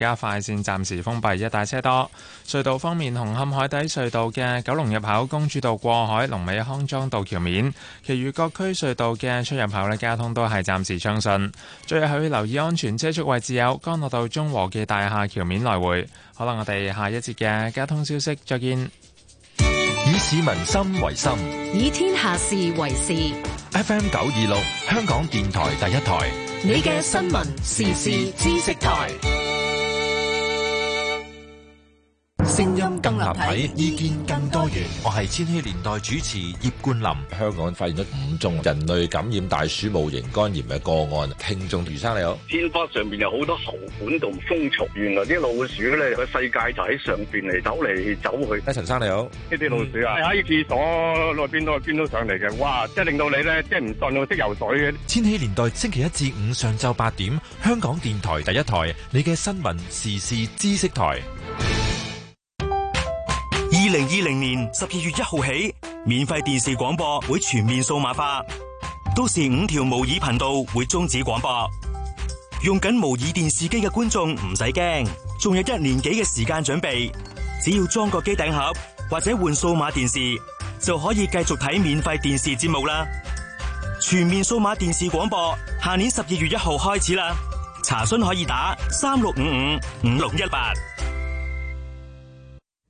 加快線暫時封閉，一帶車多。隧道方面，紅磡海底隧道嘅九龍入口、公主道過海、龍尾康莊道橋面，其餘各區隧道嘅出入口咧，交通都係暫時暢順。最後要留意安全車速位置有干諾道中和記大廈橋面來回。好啦，我哋下一節嘅交通消息再見。以市民心為心，嗯、以天下事為事。FM 九二六，香港電台第一台，你嘅新聞、時事、知識台。聲音更立體，意見更多元。我係千禧年代主持葉冠霖。香港發現咗五宗人類感染大鼠戊型肝炎嘅個案。聽眾陳生你好，天花上邊有好多喉管同風槽，原來啲老鼠咧個世界就喺上邊嚟走嚟走去。阿陳生你好，呢啲老鼠啊喺廁所嗰邊都捐到上嚟嘅，哇！即係令到你咧，即係唔信，又識游水嘅。千禧年代星期一至五上晝八點，香港電台第一台，你嘅新聞時事知識台。二零二零年十二月一號起，免費電視廣播會全面數碼化，到時五條模擬頻道會終止廣播。用緊模擬電視機嘅觀眾唔使驚，仲有一年幾嘅時間準備。只要裝個機頂盒或者換數碼電視，就可以繼續睇免費電視節目啦。全面數碼電視廣播下年十二月一號開始啦，查詢可以打三六五五五六一八。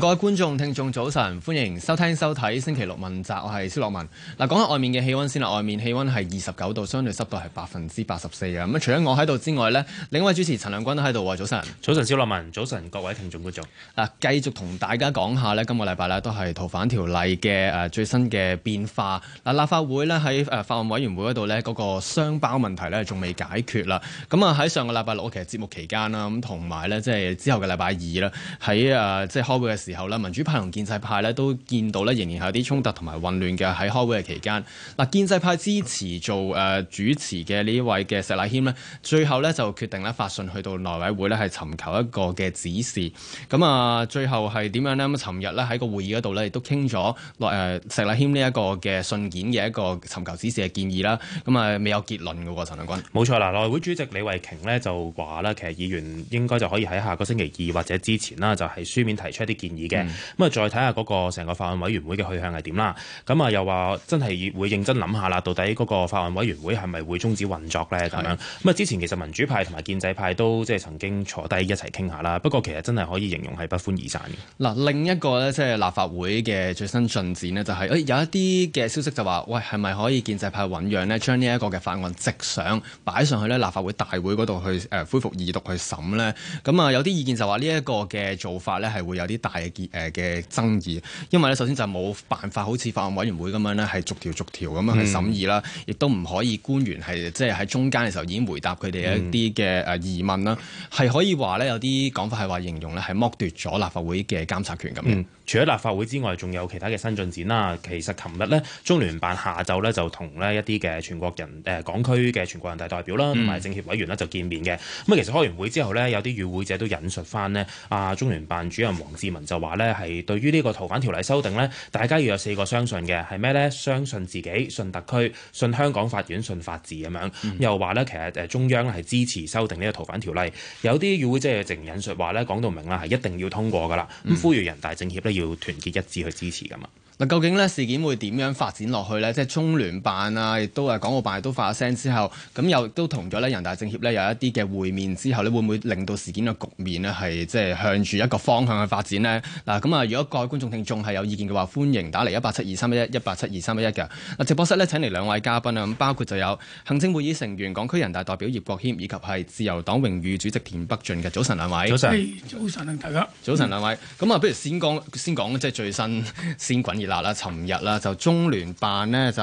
各位觀眾、聽眾早晨，歡迎收聽收睇星期六問責，我係蕭洛汶。嗱，講下外面嘅氣温先啦，外面氣温係二十九度，相對濕度係百分之八十四啊。咁除咗我喺度之外呢，另外一位主持陳亮均都喺度。早晨，早晨，蕭洛汶，早晨，各位聽眾觀眾。嗱，繼續同大家講下呢今個禮拜呢，都係《逃犯條例》嘅誒最新嘅變化。嗱，立法會呢，喺誒法案委員會嗰度呢，嗰個雙包問題呢，仲未解決啦。咁啊，喺上個禮拜六其實節目期間啦，咁同埋呢，即係之後嘅禮拜二啦，喺誒即係開會嘅時候。時候啦，民主派同建制派咧都見到咧，仍然係有啲衝突同埋混亂嘅，喺開會嘅期間。嗱，建制派支持做誒主持嘅呢位嘅石禮謙咧，最後咧就決定咧發信去到內委會咧，係尋求一個嘅指示。咁啊，最後係點樣呢？咁啊，尋日咧喺個會議嗰度咧，亦都傾咗內誒石禮謙呢一個嘅信件嘅一個尋求指示嘅建議啦。咁啊，未有結論嘅喎，陳亮均，錯。冇錯啦，內委會主席李慧瓊咧就話啦，其實議員應該就可以喺下個星期二或者之前啦，就係書面提出一啲。建議嘅，咁啊、嗯、再睇下嗰個成個法案委員會嘅去向係點啦。咁啊又話真係會認真諗下啦，到底嗰個法案委員會係咪會終止運作呢？咁的樣咁啊之前其實民主派同埋建制派都即係曾經坐低一齊傾下啦。不過其實真係可以形容係不歡而散嘅。嗱，另一個呢，即、就、係、是、立法會嘅最新進展呢、就是，就係誒有一啲嘅消息就話，喂係咪可以建制派醞釀呢？將呢一個嘅法案即上擺上去呢立法會大會嗰度去誒恢復二讀去審呢？咁啊有啲意見就話呢一個嘅做法呢係會有啲大。係誒嘅爭議，因為咧首先就冇辦法好似法案委員會咁樣咧，係逐條逐條咁樣去審議啦，亦都唔可以官員係即係喺中間嘅時候已經回答佢哋一啲嘅誒疑問啦，係、嗯、可以話咧有啲講法係話形容咧係剝奪咗立法會嘅監察權咁樣。嗯除咗立法會之外，仲有其他嘅新進展啦。其實琴日呢，中聯辦下晝呢，就同呢一啲嘅全國人誒、呃、港區嘅全國人大代表啦，同埋、嗯、政協委員呢，就見面嘅。咁其實開完會之後呢，有啲與會者都引述翻呢，啊中聯辦主任王志民就話呢，係對於呢個逃犯條例修訂呢，大家要有四個相信嘅，係咩呢？相信自己，信特區，信香港法院，信法治咁樣。又話呢，其實誒中央呢係支持修訂呢個逃犯條例。有啲與會者就直引述話呢，講到明啦，係一定要通過㗎啦。咁呼籲人大政協呢。要團結一致去支持㗎嘛。嗱，究竟咧事件會點樣發展落去咧？即係中聯辦啊，亦都係港澳辦都發咗聲之後，咁又都同咗咧人大政協咧有一啲嘅會面之後，咧會唔會令到事件嘅局面咧係即係向住一個方向去發展呢？嗱，咁啊，如果各位觀眾聽眾係有意見嘅話，歡迎打嚟一八七二三一一一八七二三一一嘅。嗱，直播室咧請嚟兩位嘉賓啊，咁包括就有行政會議成員、港區人大代表葉國謙，以及係自由黨榮譽主席田北俊嘅。早晨兩位。早晨安。大家。早晨兩位。咁、嗯、啊，不如先講先講即係最新先滾。嗱啦，尋日啦就中聯辦呢，就、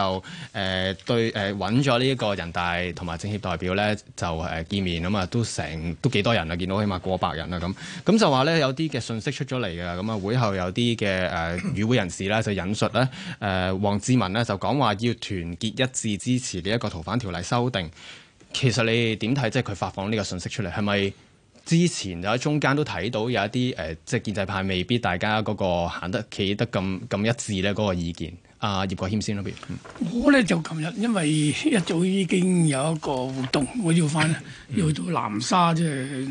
呃、誒對誒揾咗呢一個人大同埋政協代表咧就誒見面咁啊，都成都幾多人啊，見到起碼過百人啊咁。咁就話咧有啲嘅信息出咗嚟嘅，咁啊會後有啲嘅誒與會人士咧就引述咧誒王志民呢，就講話要團結一致支持呢一個逃犯條例修訂。其實你哋點睇，即係佢發放呢個信息出嚟係咪？是之前就喺中間都睇到有一啲誒、呃，即係建制派未必大家嗰個行得企得咁咁一致咧，嗰個意見。阿、啊、葉國軒葉國謙先啦，邊、嗯、我咧就琴日因為一早已經有一個活動，我要翻、嗯、要去到南沙即係、就是、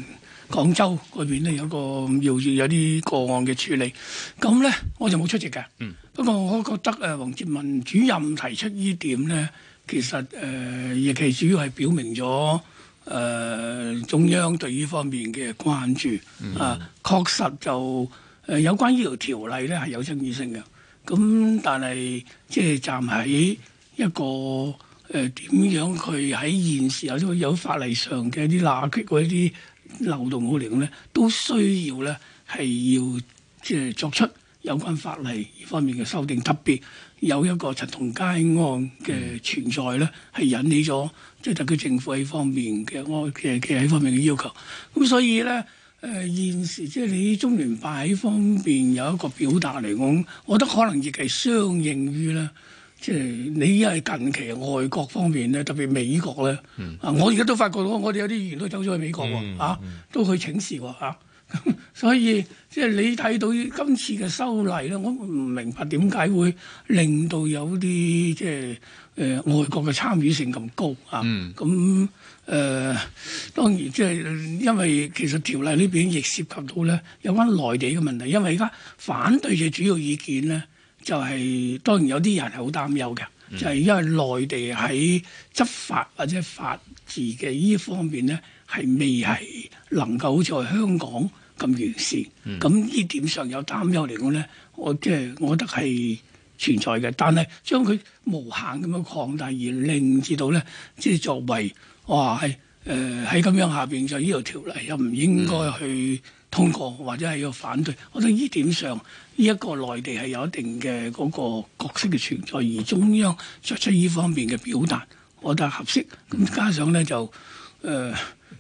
廣州嗰邊咧有一個要要有啲個案嘅處理，咁咧我就冇出席嘅。嗯、不過我覺得誒，黃志文主任提出點呢點咧，其實誒、呃、亦其主要係表明咗。誒、呃、中央對依方面嘅關注啊、嗯呃，確實就誒、呃、有關依條條例咧係有爭議性嘅。咁、嗯、但係即係站喺一個誒點、呃、樣佢喺現時有咗有法例上嘅一啲罅隙，或者啲漏洞好嚟講咧，都需要咧係要即係作出有關法例依方面嘅修訂，特別有一個陳同佳案嘅存在咧，係、嗯、引起咗。即係特區政府喺方面嘅，我其實其實喺方面嘅要求。咁所以咧，誒、呃、現時即係你中聯辦喺方面有一個表達嚟講，我覺得可能亦係相應於咧，即係你因為近期外國方面咧，特別美國咧，嗯、啊，我而家都發覺到，我哋有啲議員都走咗去美國喎、啊，都去請示喎，嚇、啊。 所以即係你睇到今次嘅修例咧，我唔明白點解會令到有啲即係。誒、呃、外國嘅參與性咁高啊！咁誒、嗯嗯、當然即係、呃、因為其實條例呢邊亦涉及到咧有關內地嘅問題，因為而家反對嘅主要意見咧，就係、是、當然有啲人係好擔憂嘅，就係、是、因為內地喺執法或者法治嘅呢方面咧，係未係能夠好似香港咁完善。咁呢、嗯、點上有擔憂嚟講咧，我即係我覺得係。存在嘅，但係將佢無限咁樣擴大而令至到咧，即係作為哇係誒喺咁樣下邊就呢條條例又唔應該去通過或者係要反對，我覺得呢點上呢一個內地係有一定嘅嗰個角色嘅存在，而中央作出呢方面嘅表達，我覺得合適，咁加上咧就誒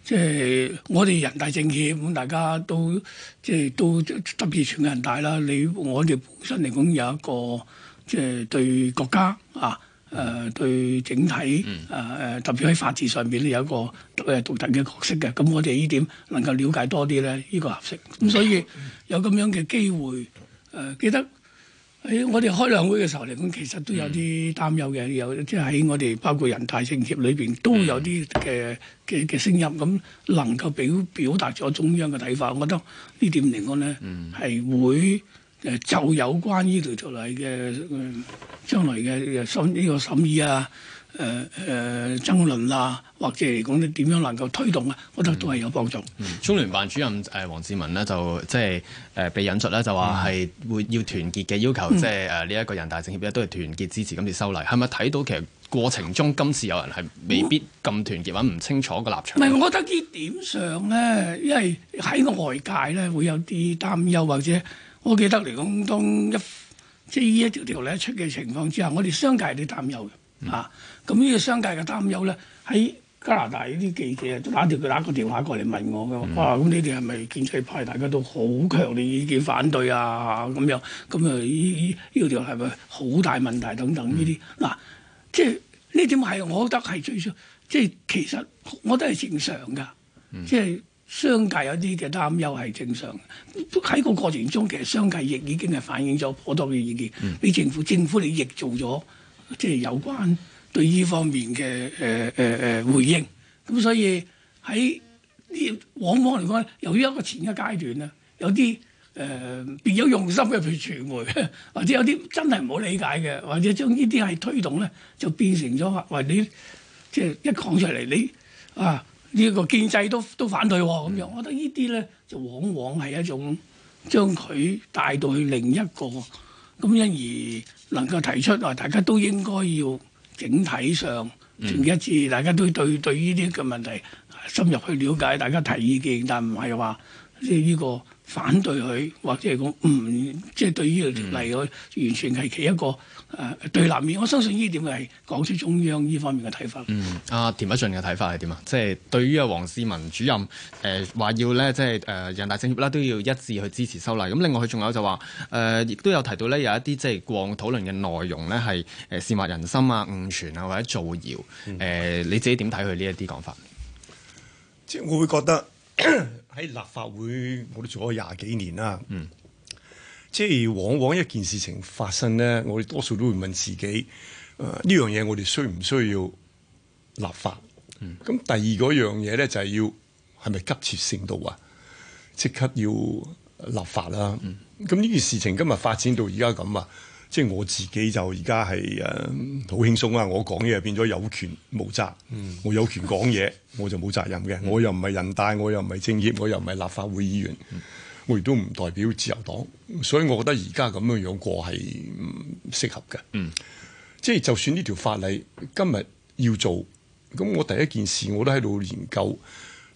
即係我哋人大政協咁大家都即係都特別全國人大啦。你我哋本身嚟講有一個。即係對國家啊，誒、呃、對整體誒誒、呃，特別喺法治上邊咧有一個獨獨特嘅角色嘅。咁我哋呢點能夠了解多啲咧？呢、這個合適咁，所以有咁樣嘅機會誒、呃。記得喺、哎、我哋開兩會嘅時候嚟講，其實都有啲擔憂嘅，有即係喺我哋包括人大政協裏、政協裏邊都有啲嘅嘅嘅聲音。咁能夠表表達咗中央嘅睇法，我覺得點呢點嚟講咧，係會。誒就有關呢條條例嘅將來嘅審呢個審議啊、誒、呃、誒爭論啊，或者嚟講咧點樣能夠推動啊，我覺得都係有幫助、嗯。中聯辦主任誒黃志文呢，就即係誒被引述咧就話係會要團結嘅要求，即係誒呢一個人大政協咧都係團結支持今次修例，係咪睇到其實過程中今次有人係未必咁團結、嗯、或唔清楚個立場？唔係，我覺得呢點上咧，因為喺外界咧會有啲擔憂或者。我記得嚟講，當一即係呢一條條咧出嘅情況之下，我哋商界有啲擔憂嘅嚇。咁呢、mm hmm. 啊這個商界嘅擔憂咧，喺加拿大呢啲記者打條佢打個電話過嚟問我嘅。哇、mm！咁你哋係咪建制派？大家都好強烈意見反對啊咁樣。咁啊，依依呢條係咪好大問題等等呢啲嗱？即係呢點係，我覺得係最少。即係其實我都係正常㗎。即係、mm。Hmm. 商界有啲嘅擔憂係正常，喺個過程中其實商界亦已經係反映咗好多嘅意見，俾、嗯、政府政府你亦做咗即係有關對呢方面嘅誒誒誒回應。咁所以喺呢往往嚟講，由於一個前一階段咧，有啲誒別有用心嘅譬如傳媒，或者有啲真係唔好理解嘅，或者將呢啲係推動咧，就變成咗話你即係一講出嚟你啊。呢個建制都都反對咁、哦、樣，嗯、我覺得呢啲咧就往往係一種將佢帶到去另一個，咁因而能夠提出話大家都應該要整體上團結一致，嗯、大家都對對呢啲嘅問題深入去了解，大家提意見，但唔係話呢呢個反對佢或者係講唔即係對呢個嚟講完全係其一個。誒對立面，我相信呢點係講出中央呢方面嘅睇法。嗯，阿田北俊嘅睇法係點啊？即係、就是、對於阿王志民主任誒話、呃、要咧，即係誒人大政協啦，都要一致去支持修例。咁另外佢仲有就話誒，亦、呃、都有提到咧，有一啲即係過往討論嘅內容咧，係誒煽惑人心啊、誤傳啊或者造謠。誒、嗯呃，你自己點睇佢呢一啲講法？即係我會覺得喺立法會，我都做咗廿幾年啦。嗯。即係往往一件事情發生咧，我哋多數都會問自己：呢樣嘢我哋需唔需要立法？咁、嗯、第二嗰樣嘢咧就係要係咪急切性到啊？即刻要立法啦！咁呢、嗯、件事情今日發展到而家咁啊！即係我自己就而家係誒好輕鬆啊！我講嘢變咗有權無責，嗯、我有權講嘢我就冇責任嘅，嗯、我又唔係人大，我又唔係政協，我又唔係立法會議員。嗯我亦都唔代表自由黨，所以我覺得而家咁樣樣過係唔適合嘅。嗯，即係就算呢條法例今日要做，咁我第一件事我都喺度研究，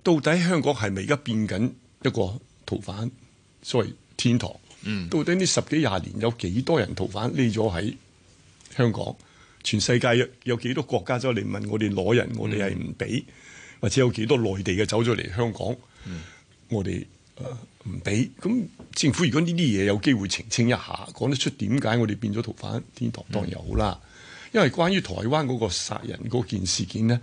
到底香港係咪而家變緊一個逃犯所謂天堂？嗯，到底呢十幾廿年有幾多人逃犯匿咗喺香港？全世界有有幾多國家走嚟問我哋攞人？我哋係唔俾？嗯，或者有幾多內地嘅走咗嚟香港？嗯，我哋誒。呃唔俾咁政府，如果呢啲嘢有機會澄清一下，講得出點解我哋變咗逃犯天堂當然又好啦。因為關於台灣嗰個殺人嗰件事件咧，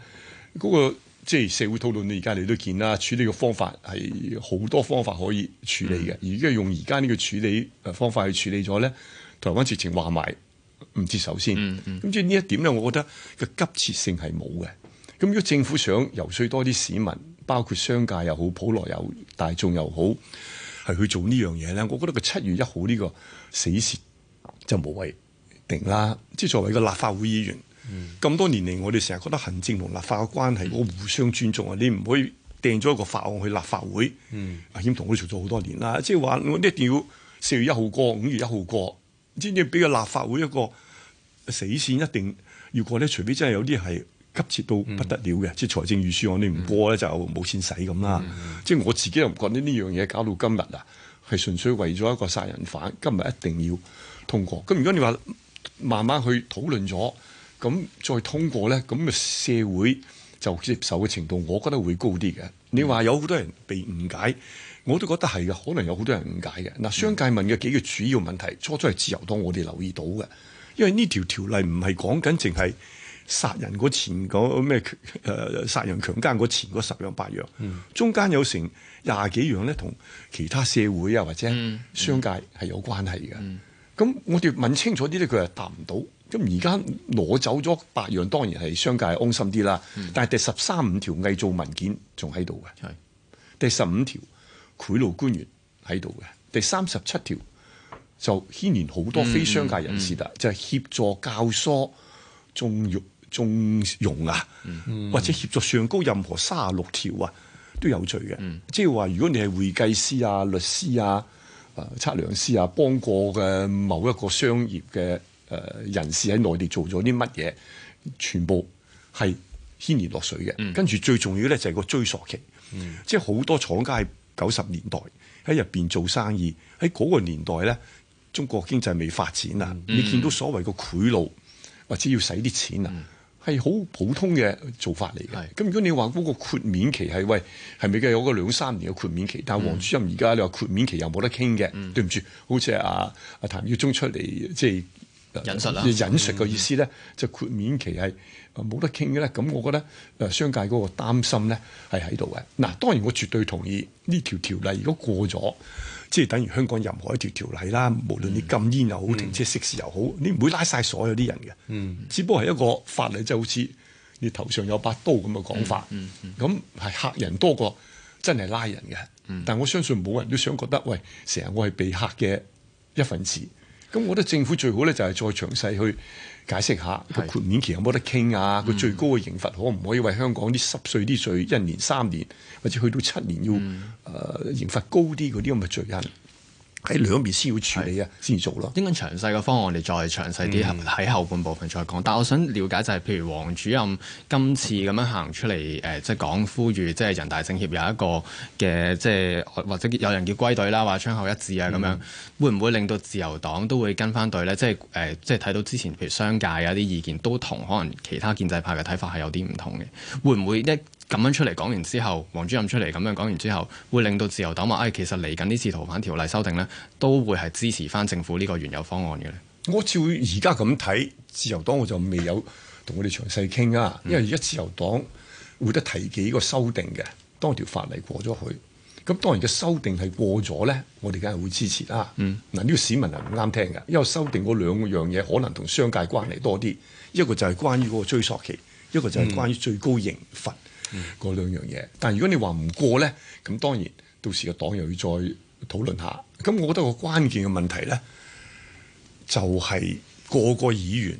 嗰、嗰個即係社會討論，你而家你都見啦，處理嘅方法係好多方法可以處理嘅。嗯、而家用而家呢個處理誒方法去處理咗咧，台灣直情話埋唔接受先。咁即係呢一點咧，我覺得個急切性係冇嘅。咁如果政府想遊說多啲市民。包括商界又好，普羅又大眾又好，係去 做呢樣嘢咧。我覺得個七月一號呢個死線就無謂定啦。即係、嗯、作為一個立法會議員，咁、嗯、多年嚟，我哋成日覺得行政同立法嘅關係，嗯、我互相尊重啊。你唔可以掟咗一個法案去立法會。阿謙同我嘈咗好多年啦，即係話我一定要四月一號過，五月一號過，先至俾個立法會一個死線，一定要過咧。除非真係有啲係。急切到不得了嘅，嗯、即係財政預算案你唔過咧就冇錢使咁啦。嗯、即係我自己又唔覺得呢樣嘢，搞到今日啊，係純粹為咗一個殺人犯今日一定要通過。咁如果你話慢慢去討論咗，咁再通過咧，咁嘅社會就接受嘅程度，我覺得會高啲嘅。你話有好多人被誤解，我都覺得係嘅，可能有好多人誤解嘅。嗱，商界問嘅幾個主要問題，初初係自由黨我哋留意到嘅，因為呢條條例唔係講緊淨係。殺人前個前嗰咩誒殺人強奸個前嗰十樣八樣，嗯、中間有成廿幾樣咧，同其他社會啊或者商界係有關係嘅。咁、嗯嗯、我哋問清楚啲咧，佢係答唔到。咁而家攞走咗八樣，當然係商界安心啲啦。嗯、但係第十三五條偽造文件仲喺度嘅，是第十五條賄賂官員喺度嘅，第三十七條就牽連好多非商界人士啦，嗯嗯嗯、就係協助教唆縱容。縱容啊，嗯、或者協作上高任何卅六條啊，都有罪嘅。嗯、即係話，如果你係會計師啊、律師啊、呃、測量師啊，幫過嘅某一個商業嘅誒人士喺內地做咗啲乜嘢，全部係牽連落水嘅。嗯、跟住最重要咧就係個追索期，嗯、即係好多廠家喺九十年代喺入邊做生意，喺嗰個年代咧，中國經濟未發展啊，嗯、你見到所謂個賄賂或者要使啲錢啊。係好普通嘅做法嚟嘅，咁是如果你話嗰個豁免期係，喂，係咪梗係有個兩三年嘅豁免期，但係黃主任而家你話豁免期又冇得傾嘅，嗯、對唔住，好似阿阿譚耀宗出嚟即係。就是隱實啊！隱實嘅意思咧，就豁免期係冇得傾嘅咧。咁我覺得誒商界嗰個擔心咧係喺度嘅。嗱，當然我絕對同意呢條條例如果過咗，即係等於香港任何一條條例啦，無論你禁煙又好，停車熄匙又好，嗯、你唔會拉晒所有啲人嘅。嗯、只不過係一個法例，就好似你頭上有把刀咁嘅講法。嗯咁係、嗯嗯、嚇人多過真係拉人嘅。嗯嗯、但我相信冇人都想覺得，喂，成日我係被嚇嘅一份子。」咁我覺得政府最好咧，就係、是、再詳細去解釋下，佢豁免期有冇得傾啊？佢、嗯、最高嘅刑罰可唔可以為香港啲濕碎啲罪，一年三年或者去到七年要誒、嗯呃、刑罰高啲嗰啲咁嘅罪行。嗯喺兩邊先要處理啊，先做咯。應該詳細嘅方案，我哋再詳細啲喺、嗯、後半部分再講。但係我想了解就係、是，譬如王主任今次咁樣行出嚟，誒、呃，即、就、係、是、講呼籲，即、就、係、是、人大政協有一個嘅，即、就、係、是、或者有人叫歸隊啦，話槍口一致啊，咁樣、嗯、會唔會令到自由黨都會跟翻隊呢？即係誒，即係睇到之前譬如商界有啲意見都同，可能其他建制派嘅睇法係有啲唔同嘅，會唔會一？咁樣出嚟講完之後，王主任出嚟咁樣講完之後，會令到自由黨話，唉，其實嚟緊呢次逃犯條例修訂咧，都會係支持翻政府呢個原有方案嘅咧。我照而家咁睇，自由黨我就未有同佢哋詳細傾啊。因為而家自由黨會得提幾個修訂嘅，當條法例過咗去，咁當然嘅修訂係過咗咧，我哋梗係會支持啦。嗯，嗱呢、啊呢個市民係唔啱聽嘅，因為修訂嗰兩樣嘢可能同商界關係多啲，一個就係關於嗰個追溯期，一個就係關，關於最高刑罰。嗯嗰、嗯、兩樣嘢，但係如果你話唔過咧，咁當然到時個黨又要再討論下。咁我覺得個關鍵嘅問題咧，就係、是、個個議員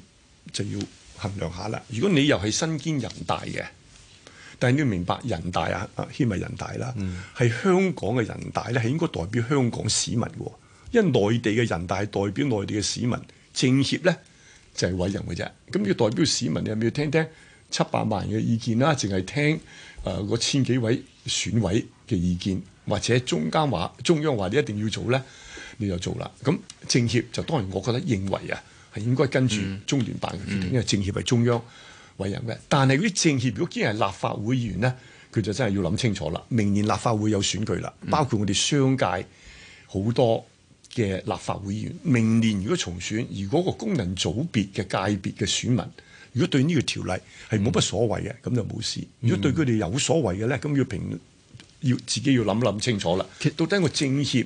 就要衡量下啦。如果你又係身兼人大嘅，但係你要明白人大啊，謙係人大啦，係、嗯、香港嘅人大咧，係應該代表香港市民喎。因為內地嘅人大係代表內地嘅市民，政協咧就係、是、委任嘅啫。咁要代表市民，你係咪要聽聽？七百萬人嘅意見啦，淨係聽誒、呃、千幾位選委嘅意見，或者中間話中央話你一定要做咧，你就做啦。咁政協就當然，我覺得認為啊，係應該跟住中聯辦嘅決定，嗯、因為政協係中央委任嘅。但係嗰啲政協如果兼係立法會議員咧，佢就真係要諗清楚啦。明年立法會有選舉啦，包括我哋商界好多嘅立法會議員，嗯、明年如果重選，如果個功能組別嘅界別嘅選民。如果對呢個條例係冇乜所謂嘅，咁、嗯、就冇事。如果對佢哋有所謂嘅咧，咁要評，要自己要諗諗清楚啦。其實到底我政協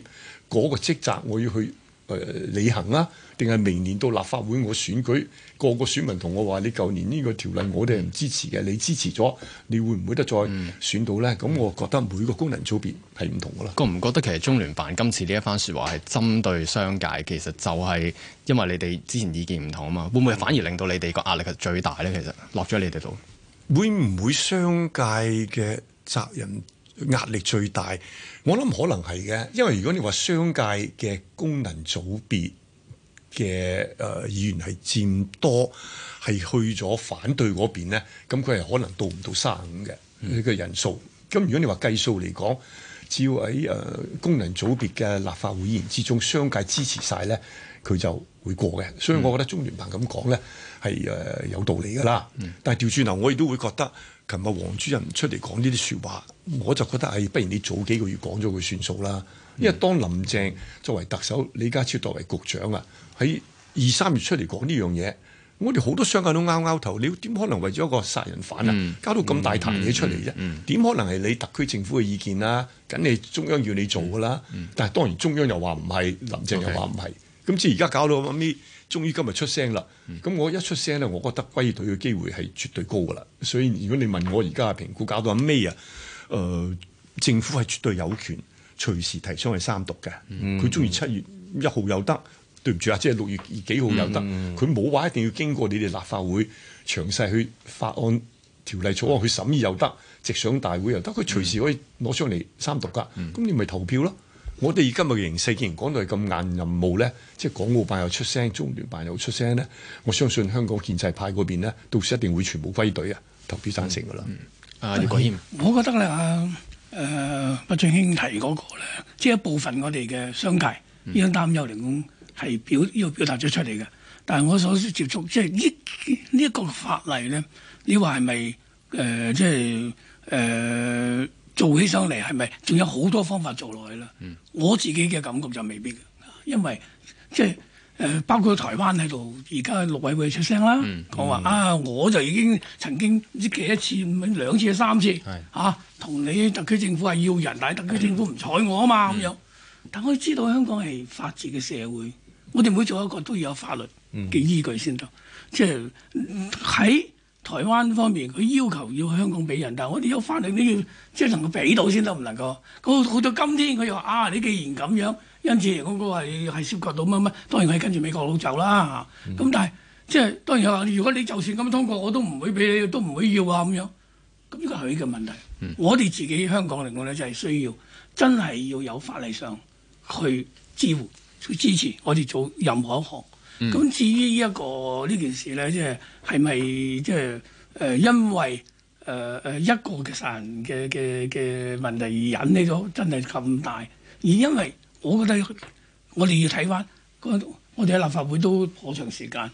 嗰個職責，我要去誒履、呃、行啦、啊，定係明年到立法會我選舉，個個選民同我話：你舊年呢個條例我哋係唔支持嘅，你支持咗，你會唔會得再選到咧？咁、嗯、我覺得每個功能組別係唔同噶啦、嗯。覺、嗯、唔覺得其實中聯辦今次呢一番説話係針對商界，其實就係因為你哋之前意見唔同啊嘛，會唔會反而令到你哋個壓力係最大咧？其實落咗你哋度，會唔會商界嘅責任？壓力最大，我諗可能係嘅，因為如果你話商界嘅功能組別嘅誒、呃、議員係佔多，係去咗反對嗰邊咧，咁佢係可能到唔到三五嘅，佢個人數。咁如果你話計數嚟講，只要喺誒、呃、功能組別嘅立法會議員之中，商界支持晒咧，佢就會過嘅。所以我覺得中聯辦咁講咧係誒有道理㗎啦。嗯、但係調轉頭，我亦都會覺得。琴日王主任出嚟講呢啲説話，我就覺得誒、哎，不如你早幾個月講咗佢算數啦。因為當林鄭作為特首，李家超作為局長啊，喺二三月出嚟講呢樣嘢，我哋好多商界都拗拗頭，你點可能為咗個殺人犯啊，搞到咁大壇嘢出嚟啫？點、嗯嗯嗯嗯、可能係你特區政府嘅意見啦、啊？梗係中央要你做㗎啦。嗯嗯、但係當然中央又話唔係，林鄭又話唔係，咁的至而家搞到咁啲。終於今日出聲啦！咁我一出聲咧，我覺得歸隊嘅機會係絕對高噶啦。所以如果你問我而家嘅評估，搞到阿咩啊？誒、呃，政府係絕對有權隨時提倡去三讀嘅。佢中意七月一號又得，嗯、對唔住啊，即係六月幾號又得。佢冇話一定要經過你哋立法會詳細去法案條例草案去審議又得，直上大會又得。佢隨時可以攞上嚟三讀噶。咁、嗯嗯、你咪投票咯。我哋而今日嘅形勢，既然講到係咁硬任務咧，即係港澳辦又出聲，中聯辦又出聲咧，我相信香港建制派嗰邊咧，到時一定會全部歸隊，特別、嗯嗯、啊，投票贊成噶啦。啊，葉國謙，我覺得咧啊，誒，麥俊興提嗰、那個咧，即係一部分我哋嘅商界呢種、嗯、擔憂嚟講，係表呢個表達咗出嚟嘅。但係我所接觸，即係呢呢一個法例咧，你話係咪誒？即係誒？呃呃做起上嚟係咪仲有好多方法做落去咧？嗯、我自己嘅感覺就未必，因為即係誒、呃，包括台灣喺度，而家陸委會出聲啦，講話啊，我就已經曾經唔知幾多次、兩次、三次嚇，同是、啊、你特區政府係要人，但係，特區政府唔睬我啊嘛咁、嗯、樣。但我知道香港係法治嘅社會，我哋每做一個都要有法律嘅依據先得，嗯、即係喺。台灣方面佢要求要香港俾人，但係我哋有法例呢要，要即係能夠俾到先得，唔能夠。咁到到今天佢又話啊，你既然咁樣，因此我我係涉及到乜乜，當然我係跟住美國佬走啦。咁、嗯、但係即係當然話，如果你就算咁通過，我都唔會俾你，都唔會要啊咁樣。咁呢個係一個問題。嗯、我哋自己香港嚟講咧，就係、是、需要真係要有法例上去支援去支持我哋做任何一行。咁、嗯、至於呢一個呢件事咧，即係係咪即係誒因為誒誒一個嘅殺人嘅嘅嘅問題而引起咗真係咁大？而因為我覺得我哋要睇翻，我哋喺立法會都好長時間，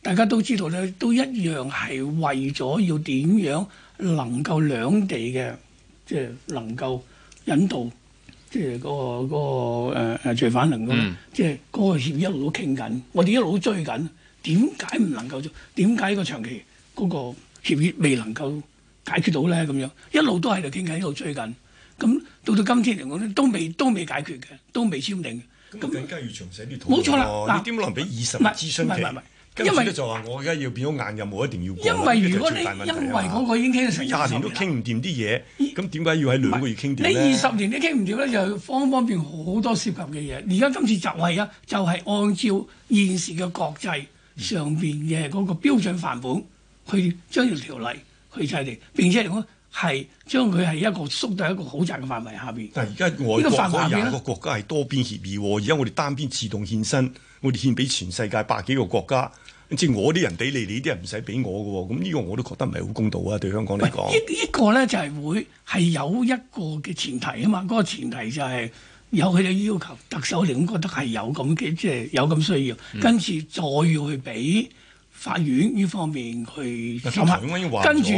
大家都知道咧，都一樣係為咗要點樣能夠兩地嘅即係能夠引導。即係嗰個、嗰個、誒誒、呃、罪犯能嘅，嗯、即係嗰個協議一路都傾緊，我哋一路都追緊，點解唔能夠做？點解呢個長期嗰個協議未能夠解決到咧？咁樣一路都喺度傾緊，一路追緊，咁到到今天嚟講咧，都未都未，都未解決嘅，都未簽訂嘅。咁、嗯、更加要重寫啲條冇錯啦，你點可能俾二十日諮詢？因為就話我而家要變咗硬任務，一定要過。因為如果你因為嗰個已經傾咗成二十年都傾唔掂啲嘢，咁點解要喺兩個月傾掂？你二十年都傾唔掂咧，就是、方方便好多涉及嘅嘢。而家今次就係、是、啊，就係、是、按照現時嘅國際上邊嘅嗰個標準範本去將條條例去制定，並且我。係將佢係一個縮到一個好窄嘅範圍下邊。但係而家外國嗰廿個國家係多邊協議，而家我哋單邊自動獻身，我哋獻俾全世界百幾個國家，即係我啲人俾你，你啲人唔使俾我嘅，咁呢個我都覺得唔係好公道啊！對香港嚟講，這個、呢呢個咧就係、是、會係有一個嘅前提啊嘛，嗰、那個前提就係有佢嘅要求，特首我哋覺得係有咁嘅，即、就、係、是、有咁需要，嗯、跟住再要去俾，法院呢方面去審核，跟住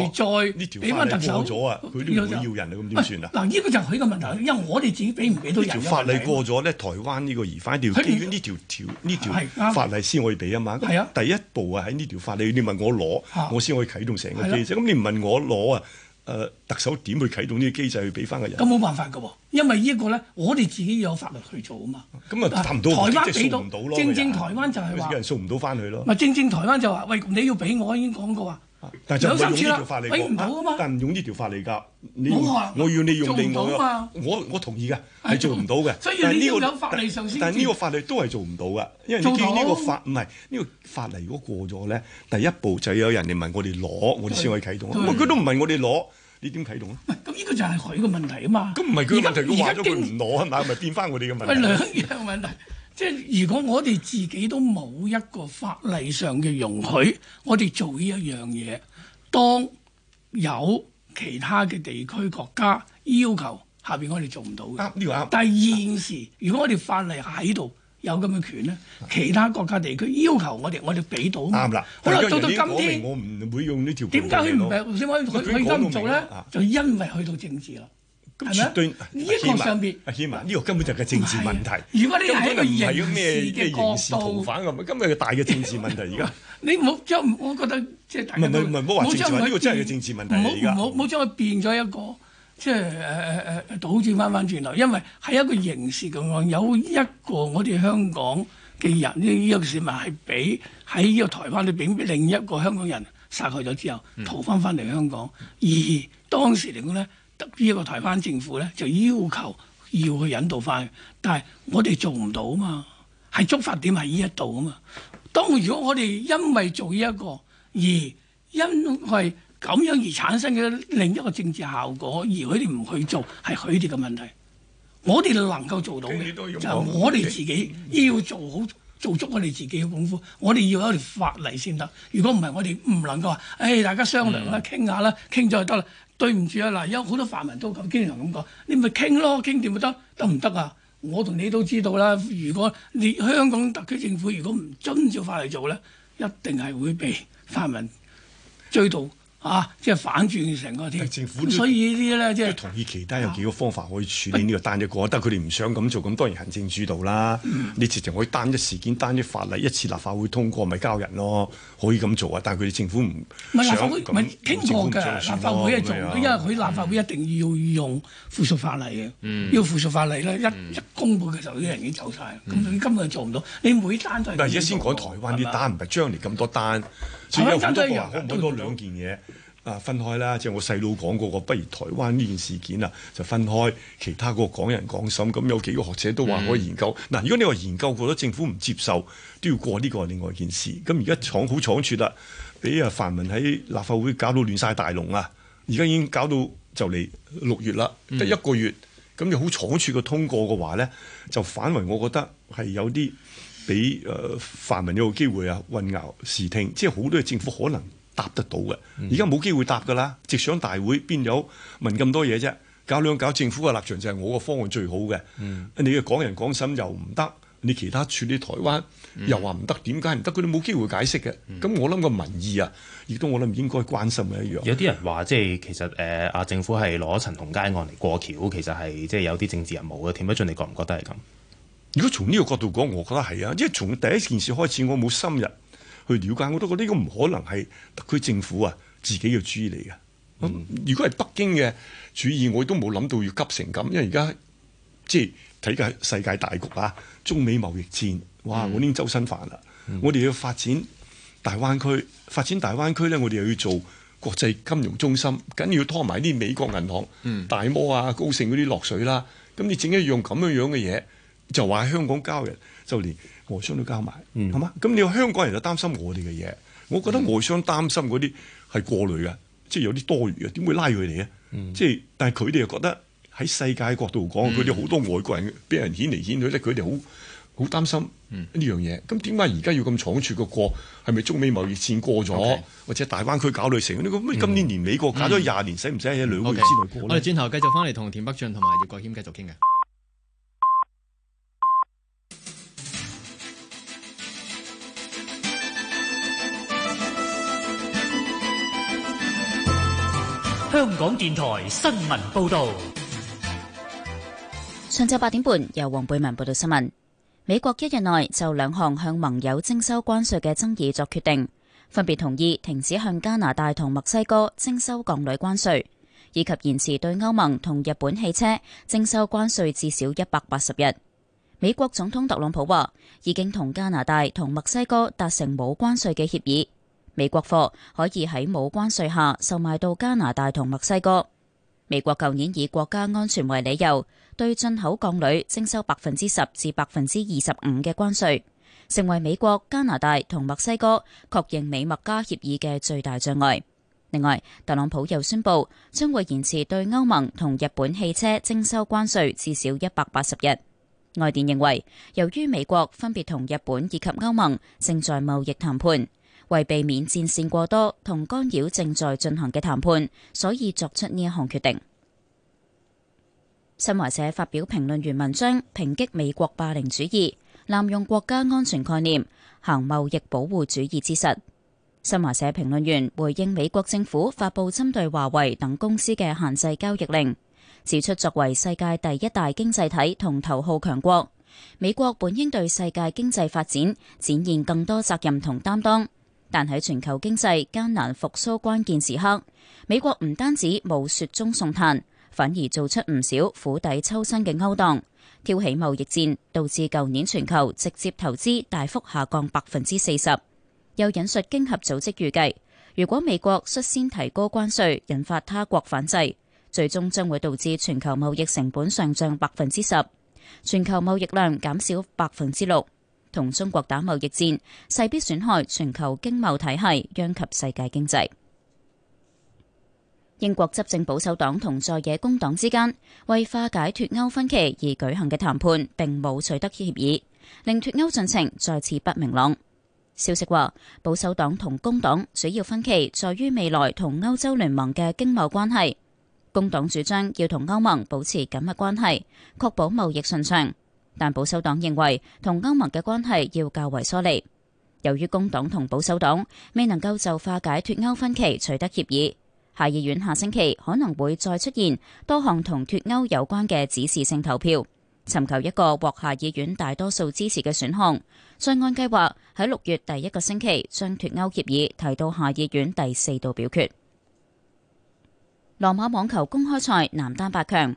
再俾翻特首過咗啊，佢都唔會要人啦，咁點算啊？嗱，呢個就係佢嘅問題，因為我哋自己俾唔俾到人？法例過咗咧，台灣呢個疑犯一定要，呢條條呢條法例先可以俾啊嘛。係啊，第一步啊喺呢條法例，你問我攞，我先可以啟動成個機制。咁你唔問我攞啊？誒、呃、特首點去啟動呢個機制去俾翻個人？咁冇辦法嘅喎、哦，因為呢個咧，我哋自己有法律去做啊嘛。咁啊，達唔到。台灣俾到，正正台灣就係話，有人送唔到翻去咯。咪正正台灣就話，正正就喂，你要俾我，我已經講過啊。有三次啦，飛唔到啊嘛！但唔用呢條法嚟㗎，我我要你用另外，我我同意㗎，係做唔到嘅。所以呢個法例上但呢個法例都係做唔到嘅，因為你見呢個法唔係呢個法例如果過咗咧，第一步就有人哋問我哋攞，我哋先可以啟動。佢都唔問我哋攞，你點啟動啊？咁呢個就係佢嘅問題啊嘛。咁唔係佢嘅問題，而家佢話咗佢唔攞係咪？咪變翻我哋嘅問題。係兩樣問題。即係如果我哋自己都冇一個法例上嘅容許，我哋做呢一樣嘢，當有其他嘅地區國家要求下邊，我哋做唔到嘅。呢話啱。但係現時，如果我哋法例喺度有咁嘅權咧，啊、其他國家地區要求我哋，我哋俾到。啱啦、啊。好啦，到到今天，嗯、我唔會用條呢條。點解佢唔係先可以佢而家唔做咧？就因為去到政治啦。絕對呢個上面，阿、啊啊、希文呢、這個根本就係政治問題。啊、如果你用喺個刑事嘅刑事逃犯咁，今日係個大嘅政治問題而家。 你唔好將我覺得即係，唔係唔係唔好話政治呢個說真係嘅政治問題。唔好唔好將佢變咗一個即係誒誒誒倒轉翻翻轉頭，因為係一個刑事嘅案，有一個我哋香港嘅人呢呢、這個市民係俾喺呢個台灣，你俾另一個香港人殺害咗之後逃翻翻嚟香港，嗯、而當時嚟講咧。呢一個台灣政府咧就要求要去引渡返，但係我哋做唔到啊嘛，係觸發點係呢一度啊嘛。當如果我哋因為做呢、這、一個而因為咁樣而產生嘅另一個政治效果，而佢哋唔去做，係佢哋嘅問題。我哋能夠做到嘅就係、是、我哋自己要做好。做足我哋自己嘅功夫，我哋要有一條法例先得。如果唔係，我哋唔能夠話，誒、哎、大家商量啦，傾下啦，傾咗就得啦。對唔住啊，嗱，有好多泛民都咁經常咁講，你咪傾咯，傾掂，咪得，得唔得啊？我同你都知道啦。如果你香港特區政府如果唔遵照法例做咧，一定係會被泛民追到。啊！即係反轉成個政府，所以呢啲咧即係同意其他有幾個方法可以處理呢個單一個，啊、但佢哋唔想咁做，咁當然行政主導啦。嗯、你直情可以單一事件、單一法例一次立法會通過，咪交人咯。可以咁做啊，但係佢哋政府唔唔係立法會唔係傾過嘅，立法會係做，因為佢立法會一定要用附屬法例嘅，要附屬法例咧，一一公布嘅時候啲人已經走晒。咁你根本做唔到，你每單都係。但係，而家先講台灣啲單，唔係將嚟咁多單，所以有好多話可多兩件嘢。啊，分開啦！即、就、係、是、我細佬講過，不如台灣呢件事件啊，就分開其他個港人港審。咁有幾個學者都話可以研究。嗱、嗯啊，如果你話研究過，咁政府唔接受都要過呢個另外一件事。咁而家廠好倉促啦，俾、嗯、啊泛民喺立法會搞到亂晒大龍啊！而家已經搞到就嚟六月啦，得一個月，咁又好倉促嘅通過嘅話咧，就反為我覺得係有啲俾誒泛民有個機會啊，混淆視聽。即係好多政府可能。答得到嘅，而家冇機會答噶啦。直上大會邊有問咁多嘢啫？搞兩搞，政府嘅立場就係我個方案最好嘅。嗯、你港港又港人港審又唔得，你其他處理台灣、嗯、又話唔得，點解唔得？佢哋冇機會解釋嘅。咁、嗯、我諗個民意啊，亦都我諗應該關心嘅一樣。有啲人話即係其實誒，啊、呃，政府係攞陳同佳案嚟過橋，其實係即係有啲政治任務嘅。田北俊，你覺唔覺得係咁？如果從呢個角度講，我覺得係啊，因為從第一件事開始，我冇深入。去了解，我都覺呢個唔可能係特區政府啊自己嘅主意嚟嘅。嗯、如果係北京嘅主意，我都冇諗到要急成咁，因為而家即係睇緊世界大局啊，中美貿易戰，哇！我已經周身煩啦。嗯嗯、我哋要發展大灣區，發展大灣區咧，我哋又要做國際金融中心，緊要拖埋啲美國銀行、大摩啊、高盛嗰啲落水啦。咁你整一樣咁樣樣嘅嘢，就話喺香港交易，就連。外商都交埋，係嘛，嗯？咁你香港人就擔心我哋嘅嘢。我覺得外商擔心嗰啲係過濾嘅，嗯、即係有啲多餘嘅，點會拉佢嚟啊？嗯、即係但係佢哋又覺得喺世界角度講，佢哋好多外國人俾人顯嚟顯去，咧佢哋好好擔心呢、嗯、樣嘢。咁點解而家要咁倉促嘅過？係咪中美貿易戰過咗，okay, 或者大灣區搞到成？呢個咩？今年連美國搞咗廿年，使唔使喺兩年之內過？我哋轉頭繼續翻嚟同田北俊同埋葉國謙繼續傾嘅。香港電台新聞報道：上晝八點半，由黃貝文報道新聞。美國一日內就兩項向盟友徵收關稅嘅爭議作決定，分別同意停止向加拿大同墨西哥徵收鋼鋁關稅，以及延遲對歐盟同日本汽車徵收關稅至少一百八十日。美國總統特朗普話，已經同加拿大同墨西哥達成冇關稅嘅協議。美國貨可以喺冇關稅下售賣到加拿大同墨西哥。美國舊年以國家安全為理由，對進口鋼鋁徵收百分之十至百分之二十五嘅關稅，成為美國、加拿大同墨西哥確認美墨加協議嘅最大障礙。另外，特朗普又宣布將會延遲對歐盟同日本汽車徵收關稅，至少一百八十日。外電認為，由於美國分別同日本以及歐盟正在貿易談判。為避免戰線過多同干擾正在進行嘅談判，所以作出呢一項決定。新華社發表評論員文章，抨擊美國霸凌主義、濫用國家安全概念、行貿易保護主義之實。新華社評論員回應美國政府發布針對華為等公司嘅限制交易令，指出作為世界第一大經濟體同頭號強國，美國本應對世界經濟發展展現更多責任同擔當。但喺全球經濟艱難復甦關鍵時刻，美國唔單止冇雪中送炭，反而做出唔少釜底抽薪嘅勾當，挑起貿易戰，導致舊年全球直接投資大幅下降百分之四十。又引述經合組織預計，如果美國率先提高關稅，引發他國反制，最終將會導致全球貿易成本上漲百分之十，全球貿易量減少百分之六。同中國打貿易戰，勢必損害全球經貿體系，殃及世界經濟。英國執政保守黨同在野工黨之間，為化解脱歐分歧而舉行嘅談判並冇取得協議，令脱歐進程再次不明朗。消息話，保守黨同工黨主要分歧在於未來同歐洲聯盟嘅經貿關係。工黨主張要同歐盟保持緊密關係，確保貿易順暢。但保守黨認為同歐盟嘅關係要較為疏離。由於工黨同保守黨未能夠就化解脱歐分歧取得協議，下議院下星期可能會再出現多項同脱歐有關嘅指示性投票，尋求一個獲下議院大多數支持嘅選項。再按計劃喺六月第一個星期將脱歐協議提到下議院第四度表決。羅馬網球公開賽男單八強。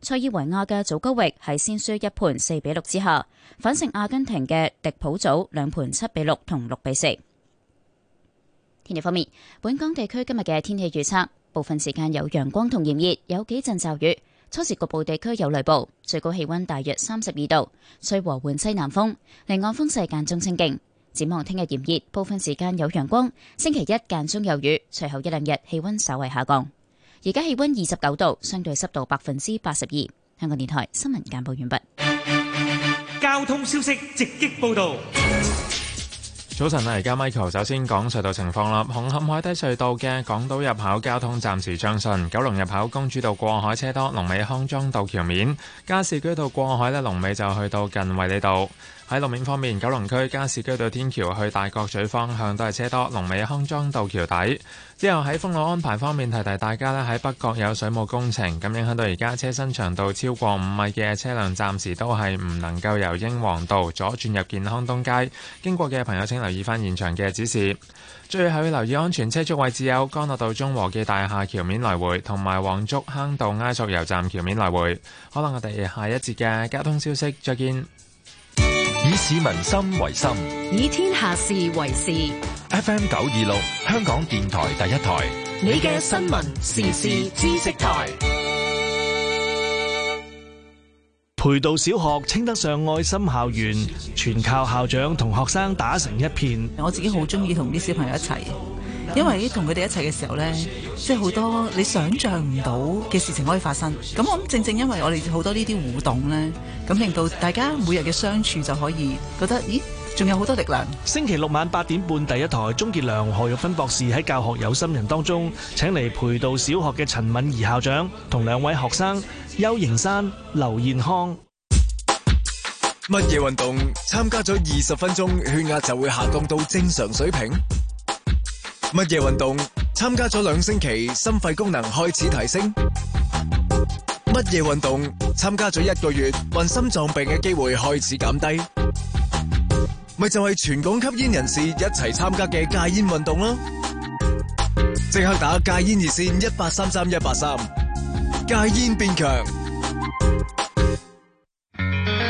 塞爾維亞嘅早高域喺先輸一盤四比六之下，反勝阿根廷嘅迪普組兩盤七比六同六比四。天氣方面，本港地區今日嘅天氣預測，部分時間有陽光同炎熱，有幾陣驟雨，初時局部地區有雷暴，最高氣溫大約三十二度，吹和緩西南風，離岸風勢間中清勁。展望聽日炎熱，部分時間有陽光，星期一間中有雨，隨後一兩日氣溫稍為下降。而家氣溫二十九度，相對濕度百分之八十二。香港電台新聞簡報完畢。交通消息直擊報道。早晨啊，而家 Michael 首先講隧道情況啦。紅磡海底隧道嘅港島入口交通暫時暢順，九龍入口公主道過海車多，龍尾康莊道橋面。加士居道過海咧，龍尾就去到近衛理道。喺路面方面，九龍區加士居道天橋去大角咀方向都係車多，龍尾康莊道橋底。之後喺封路安排方面，提提大家咧，喺北角有水務工程咁，影響到而家車身長度超過五米嘅車輛，暫時都係唔能夠由英皇道左轉入健康東街，經過嘅朋友，請留意翻現場嘅指示。最後要留意安全車速位置，有江樂道中和記大廈橋面來回，同埋黃竹坑道埃索油站橋面來回。可能我哋下一節嘅交通消息再見。以市民心為心，以天下事為事。FM 九二六，香港電台第一台，你嘅新聞時事知識台。培道小學稱得上愛心校園，全靠校長同學生打成一片。我自己好中意同啲小朋友一齊。因為同佢哋一齊嘅時候呢，即係好多你想像唔到嘅事情可以發生。咁我諗正正因為我哋好多呢啲互動呢，咁令到大家每日嘅相處就可以覺得，咦，仲有好多力量。星期六晚八點半第一台，鍾傑良、何玉芬博士喺《教學有心人》當中請嚟培道小學嘅陳敏儀校長同兩位學生邱盈山、劉燕康。乜嘢運動參加咗二十分鐘，血壓就會下降到正常水平？乜嘢運動參加咗兩星期，心肺功能開始提升？乜嘢運動參加咗一個月，患心臟病嘅機會開始減低？咪就係、是、全港吸煙人士一齊參加嘅戒煙運動啦！即刻打戒煙熱線一八三三一八三，3, 戒煙變強。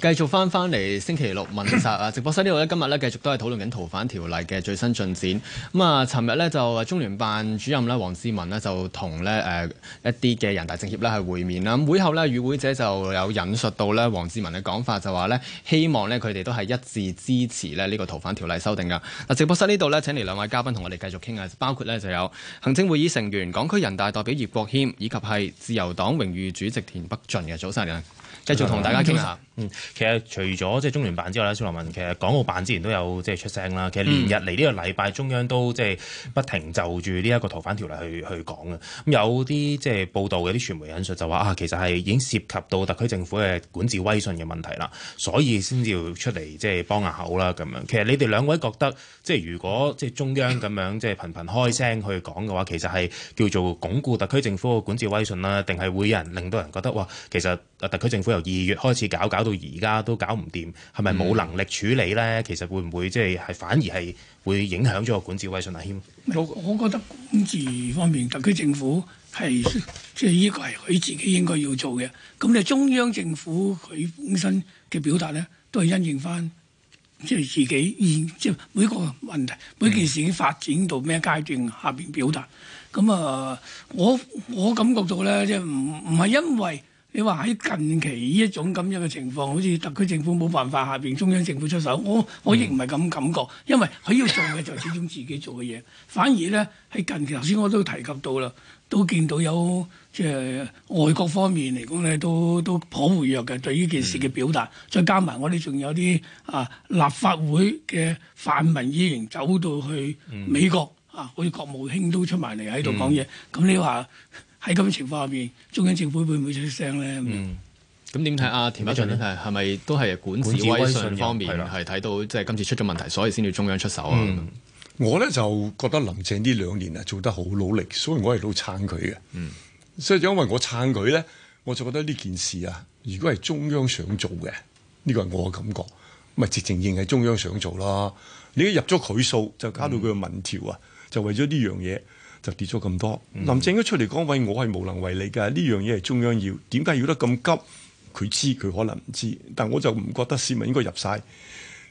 繼續翻翻嚟星期六問責啊！ 直播室呢度咧，今日咧繼續都係討論緊逃犯條例嘅最新進展。咁啊，尋日咧就中聯辦主任咧黃志文咧就同呢誒一啲嘅人大政協咧係會面啦。咁會後咧與會者就有引述到咧黃志文嘅講法，就話咧希望咧佢哋都係一致支持咧呢個逃犯條例修訂嘅。嗱，直播室呢度咧請嚟兩位嘉賓同我哋繼續傾下，包括咧就有行政會議成員、港區人大代表葉國謙以及係自由黨榮譽主席田北俊嘅早晨。繼續同大家傾下。嗯，其實除咗即係中聯辦之外咧，蕭洛汶其實港澳辦之前都有即係出聲啦。其實連日嚟呢個禮拜，中央都即係不停就住呢一個逃犯條例去去講嘅。咁有啲即係報道，有啲傳媒引述就話啊，其實係已經涉及到特區政府嘅管治威信嘅問題啦，所以先至要出嚟即係幫下口啦咁樣。其實你哋兩位覺得，即係如果即係中央咁樣即係頻頻開聲去講嘅話，其實係叫做鞏固特區政府嘅管治威信啦，定係會有人令到人覺得哇，其實？特區政府由二月開始搞，搞到而家都搞唔掂，係咪冇能力處理咧？嗯、其實會唔會即係係反而係會影響咗個管治威信啊？添，我覺得管治方面，特區政府係即係呢個係佢自己應該要做嘅。咁你中央政府佢本身嘅表達咧，都係因應翻、即係，即係自己現即每個問題、每件事已發展到咩階段下邊表達。咁啊、嗯，我我感覺到咧，即係唔唔係因為。你話喺近期呢一種咁樣嘅情況，好似特區政府冇辦法，下邊中央政府出手，我我亦唔係咁感覺，因為佢要做嘅就係始終自己做嘅嘢。反而咧喺近期頭先我都提及到啦，都見到有即係、呃、外國方面嚟講咧，都都頗活躍嘅對呢件事嘅表達。嗯、再加埋我哋仲有啲啊立法會嘅泛民議員走到去美國、嗯、啊，好似國務卿都出埋嚟喺度講嘢。咁你話，嗯嗯喺咁嘅情況下面，中央政府會唔會出聲咧？嗯，咁點睇啊？田北俊咧，係咪都係管治威信方面係睇、啊、到即係、就係、今次出咗問題，所以先至中央出手啊？嗯、我咧就覺得林鄭呢兩年啊做得好努力，所以我係好撐佢嘅。嗯，即係因為我撐佢咧，我就覺得呢件事啊，如果係中央想做嘅，呢個係我嘅感覺，咪直情認係中央想做啦。你一入咗佢數，就搞到佢嘅民調啊，嗯、就為咗呢樣嘢。就跌咗咁多，mm hmm. 林鄭一出嚟講話，我係無能為力㗎。呢樣嘢係中央要，點解要得咁急？佢知佢可能唔知，但我就唔覺得市民應該入晒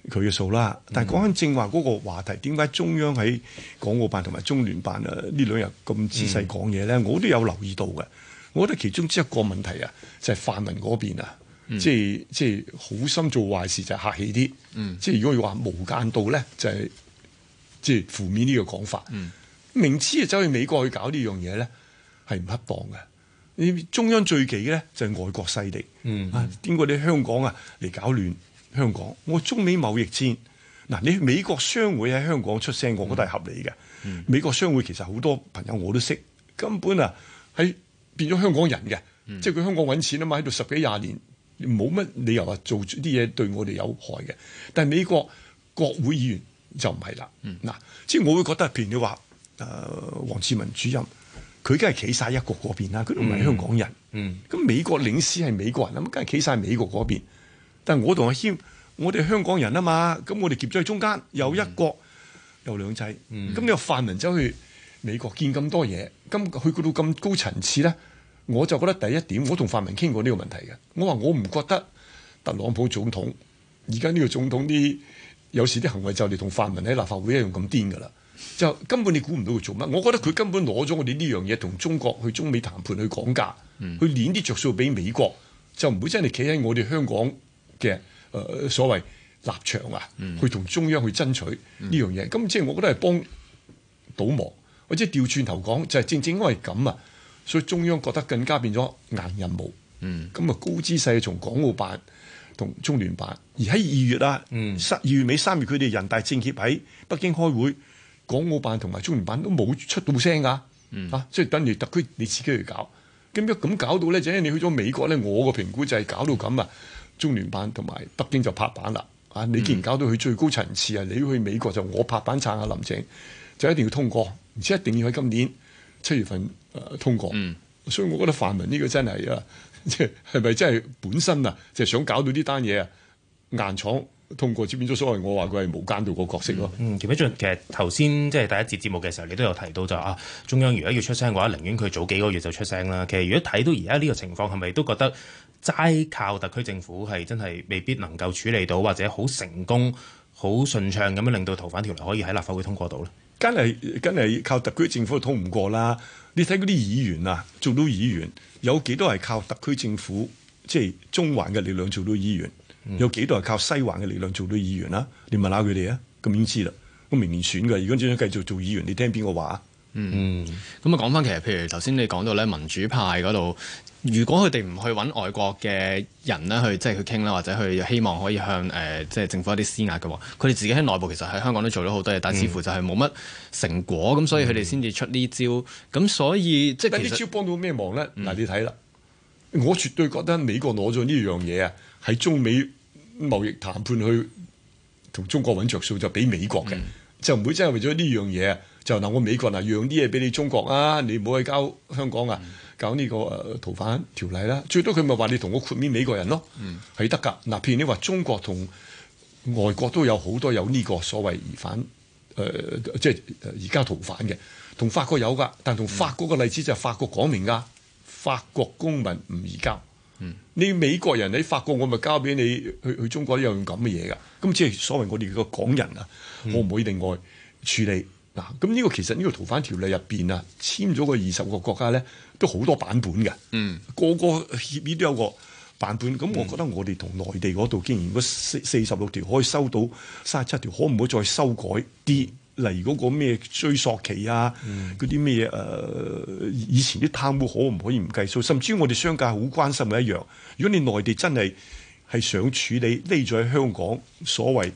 佢嘅數啦。Mm hmm. 但講返正話嗰個話題，點解中央喺港澳辦同埋中聯辦啊呢兩日咁仔細講嘢咧？Mm hmm. 我都有留意到嘅。我覺得其中一個問題啊、mm hmm. 就係，就係泛民嗰邊啊，即係即係好心做壞事就係客氣啲，即係如果要話無間道咧、就係，就係即係負面呢個講法。Mm hmm. 明知啊，走去美國去搞呢樣嘢咧，係唔恰當嘅。你中央最忌嘅咧就係外國勢力、嗯、啊。點解你香港啊嚟搞亂香港？我中美貿易戰嗱，你美國商會喺香港出聲，我覺得係合理嘅。嗯、美國商會其實好多朋友我都識，根本啊喺變咗香港人嘅，嗯、即係佢香港揾錢啊嘛，喺度十幾廿年冇乜理由話做啲嘢對我哋有害嘅。但係美國國會議員就唔係啦嗱，即係我會覺得譬如你話。誒，王、呃、志民主任，佢梗係企晒一國嗰邊啦，佢唔係香港人。嗯，咁、嗯、美國領事係美國人，咁梗係企晒美國嗰邊。但係我同阿謙，我哋香港人啊嘛，咁我哋夾咗喺中間，有一國，嗯、有兩制。咁你、嗯、話泛民走去美國見咁多嘢，咁去到咁高層次咧，我就覺得第一點，我同泛民傾過呢個問題嘅，我話我唔覺得特朗普總統而家呢個總統啲有時啲行為就嚟同泛民喺立法會一樣咁癲噶啦就根本你估唔到佢做乜，我覺得佢根本攞咗我哋呢樣嘢，同中國去中美談判，去講價，去攣啲着數俾美國，就唔會真係企喺我哋香港嘅、誒、呃、所謂立場啊，去同中央去爭取呢樣嘢。咁、嗯、即係我覺得係幫倒忙。或者調轉頭講就係、是、正正因為咁啊，所以中央覺得更加變咗硬任務，嗯，咁啊高姿勢從港澳辦同中聯辦，而喺二月啦，二月尾三月，佢哋、嗯、人大政協喺北京開會。港澳辦同埋中聯辦都冇出到聲噶，啊，即係、嗯啊就是、等於特區你自己去搞。咁一咁搞到咧，就係你去咗美國咧，我個評估就係搞到咁啊。中聯辦同埋北京就拍板啦。啊，你既然搞到佢最高層次啊，你去美國就我拍板撐下林鄭，就一定要通過，而且一定要喺今年七月份誒、呃、通過。嗯、所以我覺得泛民呢個真係啊，即係係咪真係本身啊，就係想搞到呢單嘢啊，硬闖？通過，即係變咗所謂我話佢係無間道個角色咯。嗯，其實頭先即係第一節節目嘅時候，你都有提到就啊，中央如果要出聲嘅話，寧願佢早幾個月就出聲啦。其實如果睇到而家呢個情況，係咪都覺得齋靠特區政府係真係未必能夠處理到，或者好成功、好順暢咁樣令到逃犯條例可以喺立法會通過到咧？梗係梗係靠特區政府通唔過啦！你睇嗰啲議員啊，做到議員有幾多係靠特區政府即係中環嘅力量做到議員？有幾多係靠西環嘅力量做到議員啦、啊？你問下佢哋啊，咁已經知啦。咁明年選㗎，如果仲想繼續做議員，你聽邊個話？嗯，咁啊，講翻其實，譬如頭先你講到咧，民主派嗰度，如果佢哋唔去揾外國嘅人咧去，即係去傾啦，或者去希望可以向誒、呃、即係政府一啲施壓嘅話，佢哋自己喺內部其實喺香港都做咗好多嘢，但係似乎就係冇乜成果，咁所以佢哋先至出呢招。咁、嗯、所以即係呢招幫到咩忙咧？嗱、嗯，你睇啦，我絕對覺得美國攞咗呢樣嘢啊！喺中美貿易談判去同中國揾着數，就俾美國嘅，就唔會真係為咗呢樣嘢，就嗱我美國啊，讓啲嘢俾你中國啊，你唔好去交香港啊，搞呢、呢個誒、呃、逃犯條例啦、啊，最多佢咪話你同我豁免美國人咯，係得噶。嗱，譬如你話中國同外國都有好多有呢個所謂疑犯，誒、呃、即係而家逃犯嘅，同法國有噶，但同法國個例子就係法國講明噶，法國公民唔移交。你美國人喺法國，我咪交俾你去去中國有咁嘅嘢噶，咁即係所謂我哋個港人啊，可唔、嗯、可以另外處理嗱？咁呢、呢個其實呢個逃犯條例入邊啊，簽咗個二十個國家咧，都好多版本嘅，嗯、個個協議都有個版本。咁我覺得我哋同內地嗰度，既然個四四十六條可以收到三十七條，可唔可以再修改啲？例如嗰個咩追溯期啊，嗰啲咩誒以前啲貪污可唔可以唔計數？甚至於我哋商界好關心嘅一樣，如果你內地真係係想處理匿咗喺香港所謂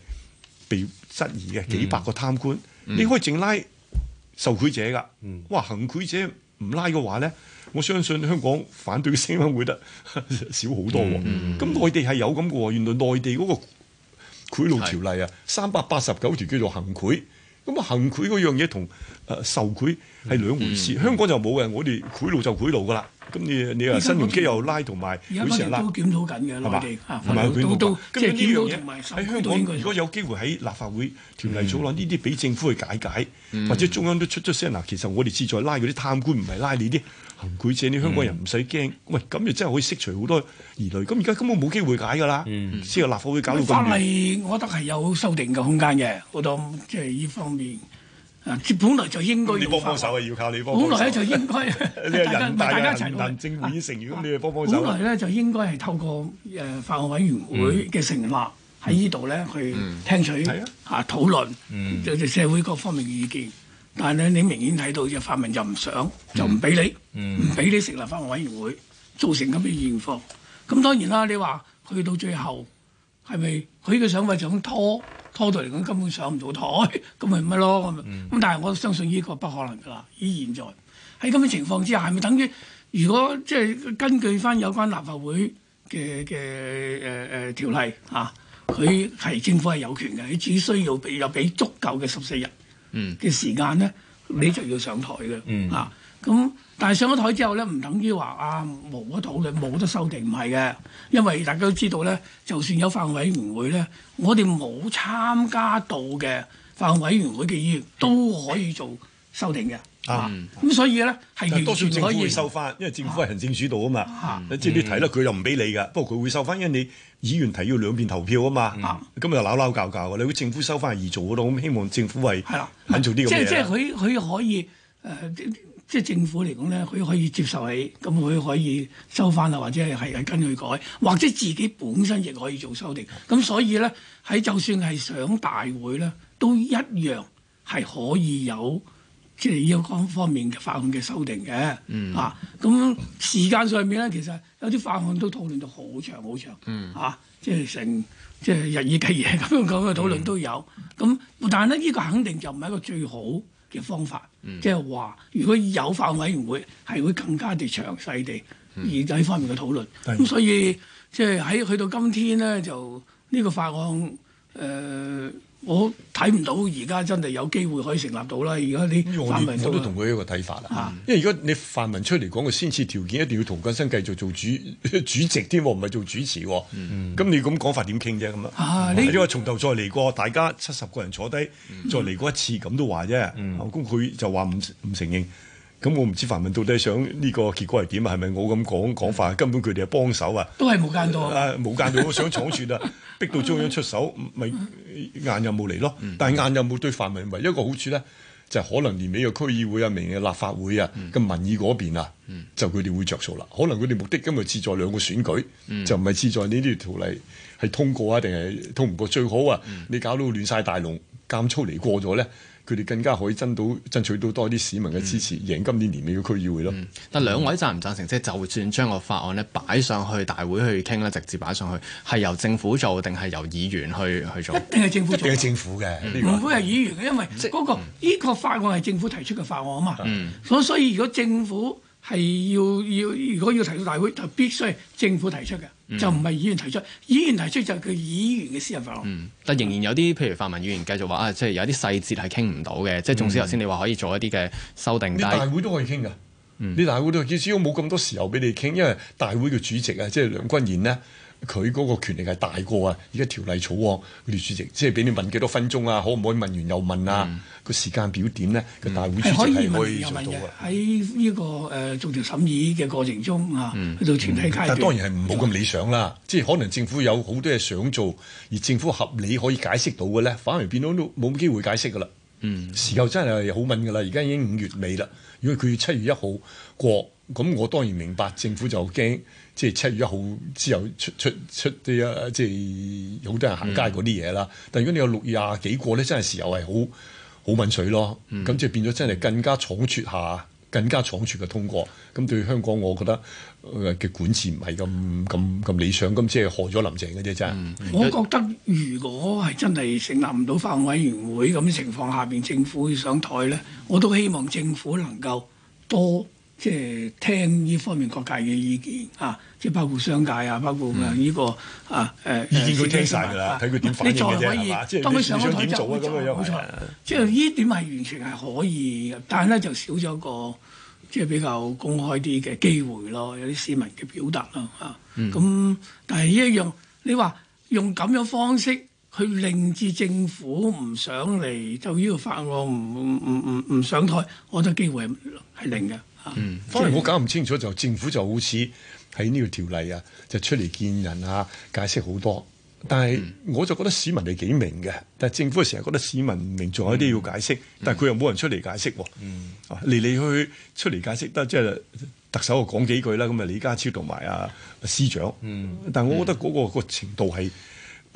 被質疑嘅幾百個貪官，嗯嗯、你可以淨拉受賄者噶。嗯、哇，行賄者唔拉嘅話咧，我相信香港反對嘅聲音會得少好多，啊。咁、嗯嗯嗯、內地係有咁嘅喎，原來內地嗰個賄賂條例啊，三百八十九條叫做行賄。是咁啊，行賄嗰樣嘢同誒受賄係兩回事。香港就冇嘅，我哋賄賂就賄賂噶啦。咁你你啊，新能源又拉同埋，有拉，都檢討緊嘅，係嘛？同埋賄賂，咁呢樣嘢喺香港，如果有機會喺立法會條例草案呢啲，俾政府去解解，或者中央都出咗聲嗱。其實我哋志在拉嗰啲貪官，唔係拉你啲。佢借啲香港人唔使驚，喂，咁又真係可以釋除好多疑慮。咁而家根本冇機會解㗎啦。嗯，即係立法會搞到咁。有法例，我覺得係有修訂嘅空間嘅，好多即係呢方面。啊，本來就應該要幫幫手嘅，要靠你幫。本來咧就應該，即係人大、行政會議成員咁，你哋幫幫手。本來咧就應該係透過誒法案委員會嘅成立喺呢度咧去聽取啊討論，就就社會各方面嘅意見。但係咧，你明顯睇到嘅泛民又唔想，嗯、就唔俾你，唔俾、嗯、你成立法會委員會，造成咁嘅現況。咁當然啦，你話去到最後係咪佢嘅想法想拖拖到嚟講根本上唔到台，咁咪乜咯咁？咁、嗯、但係我相信呢個不可能㗎啦。依現在喺咁嘅情況之下，係咪等於如果即係根據翻有關立法會嘅嘅誒誒條例啊，佢係政府係有權嘅，佢只需要有俾足夠嘅十四日。嘅、嗯、時間咧，你就要上台嘅、嗯、啊！咁但係上咗台之後咧，唔等於話啊冇咗討論，冇得修訂，唔係嘅。因為大家都知道咧，就算有法委員會咧，我哋冇參加到嘅法委員會嘅議員都可以做。修訂嘅啊，咁、嗯、所以咧係完全可以收翻，因為政府係行政主導啊嘛。啊你知唔知睇咧？佢、嗯、又唔俾你噶，不過佢會收翻，因為你議員提要兩邊投票啊嘛。咁又扭扭教教嘅。你估政府收翻係易做嗰度？咁希望政府係係做啲即係即係佢佢可以誒、呃，即係政府嚟講咧，佢可以接受你，咁，佢可以收翻啊，或者係係跟佢改，或者自己本身亦可以做修訂。咁所以咧喺就算係上大會咧，都一樣係可以有。即係要各方面嘅法案嘅修訂嘅，嗯、啊，咁時間上面咧，其實有啲法案都討論到好長好長，嗯、啊，即係成即係日以繼夜咁樣講嘅討論都有。咁、嗯、但係咧，依、這個肯定就唔係一個最好嘅方法，嗯、即係話如果有法案委員會，係會更加地詳細地而呢方面嘅討論。咁、嗯、所以，的所以即係喺去到今天咧，就呢個法案誒。呃呃我睇唔到而家真係有機會可以成立到啦！而家你，你，泛民我都同佢一個睇法啦。嚇、啊，因為如果你泛民出嚟講嘅先決條件，一定要同根生繼續做主主席添、啊，唔係做主持、啊。嗯嗯。咁你咁講法點傾啫？咁啊？嚇，呢個從頭再嚟過，大家七十個人坐低，再嚟過一次，咁都話啫。嗯。咁佢就話唔唔承認。咁我唔知泛民到底想呢個結果係點啊？係咪我咁講講法？根本佢哋係幫手啊！都係冇間到啊！冇間到，我想闖住啊！ 逼到中央出手，咪 硬又冇嚟咯。嗯嗯、但係硬又冇對泛民唯一,一個好處咧，就係、是、可能年尾嘅區議會啊、明年嘅立法會啊咁、嗯、民意嗰邊啊，就佢哋會着數啦。可能佢哋目的今日志在兩個選舉，嗯嗯、就唔係志在呢啲條例係通過啊，定係通唔過最好啊、嗯？你搞到亂晒大龍，監粗嚟過咗咧。佢哋更加可以爭到爭取到多啲市民嘅支持，嗯、贏今年年尾嘅區議會咯、嗯。但兩位贊唔贊成，即、就、係、是、就算將個法案咧擺上去大會去傾咧，直接擺上去係由政府做定係由議員去去做？一定係政府做，做、嗯。定政府嘅。政府唔會係議員嘅，因為嗰呢個法案係政府提出嘅法案啊嘛。咁、嗯、所以如果政府係要要，如果要提到大會，就必須政府提出嘅，嗯、就唔係議員提出。議員提出就係佢議員嘅私人法案、嗯。但仍然有啲，譬如泛民議員繼續話啊，即係有啲細節係傾唔到嘅，嗯、即係仲有頭先你話可以做一啲嘅修訂。啲大會都可以傾㗎，啲、嗯、大會都只要冇咁多時候俾你傾，因為大會嘅主席啊，即係梁君彥呢。佢嗰個權力係大過啊！而家條例草案佢哋主席，即係俾你問幾多分鐘啊？可唔可以問完又問啊？個、嗯、時間表點咧？個大會主席係可以做到嘅。喺呢個誒逐條審議嘅過程中啊，喺度全體階段，但係當然係唔好咁理想啦。即係可能政府有好多嘢想做，而政府合理可以解釋到嘅咧，反而變到都冇機會解釋嘅啦。嗯，時候真係好敏嘅啦！而家已經五月尾啦，如果佢七月一號過。咁我當然明白，政府就驚即係七月一號之後出出出啲即係好多人行街嗰啲嘢啦。嗯、但係如果你有六月廿幾個咧，真係時候係好好濛水咯。咁即係變咗真係更加倉促下，更加倉促嘅通過。咁對香港，我覺得嘅、呃、管治唔係咁咁咁理想，咁即係害咗林鄭嘅啫。真係。嗯、我覺得如果係真係成立唔到法案委員會咁情況下邊，政府要上台咧，我都希望政府能夠多。即係聽呢方面各界嘅意見啊，即、就、係、是、包括商界啊，包括呢、這個、嗯、啊誒、呃、意見佢聽晒㗎啦，睇佢點反應啫。係嘛？即係佢上咗台就冇錯。即係呢點係完全係可以嘅，但係咧就少咗個即係、就是、比較公開啲嘅機會咯，有啲市民嘅表達啦嚇。咁、嗯嗯、但係呢一樣，你話用咁樣方式去令至政府唔上嚟就呢個法案唔唔唔唔上台，我覺得機會係係零嘅。嗯，反而我搞唔清楚就政府就好似喺呢個條例啊，就出嚟見人啊，解釋好多。但係我就覺得市民係幾明嘅，但係政府成日覺得市民唔明，仲有啲要解釋，嗯、但係佢又冇人出嚟解釋喎。嗯，嚟嚟去去出嚟解釋得即係特首講幾句啦，咁啊李家超同埋啊司長。嗯，但係我覺得嗰個、個程度係。誒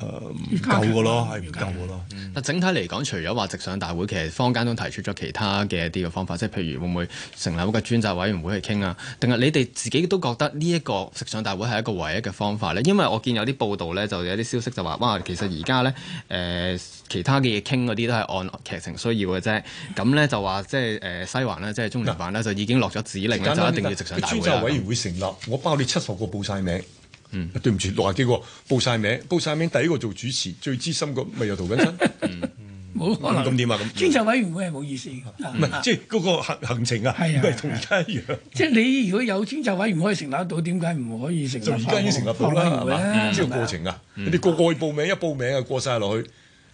夠嘅咯，係唔夠嘅咯。但整體嚟講，除咗話直上大會，其實坊間都提出咗其他嘅一啲嘅方法，即係譬如會唔會成立一個專責委員會去傾啊？定係你哋自己都覺得呢一個直上大會係一個唯一嘅方法咧？因為我見有啲報道咧，就有啲消息就話，哇，其實而家咧誒其他嘅嘢傾嗰啲都係按劇情需要嘅啫。咁咧就話即係誒西環咧，即係、呃、中聯辦咧，嘆就已經落咗指令嘆就一定要直上大會啦、啊。專責委員會成立，我包你七十個報晒名。嗯，對唔住，六十幾個報晒名，報晒名，第一個做主持最資深個咪又涂謹申，冇可能咁點啊？咁專責委員會係冇意思，唔係即係嗰個行行程啊，唔係同而家一樣。即係你如果有專責委員可以成立到，點解唔可以成立？就而家已經成立到啦，係嘛？即係過程啊，你哋個個去報名，一報名啊過晒落去，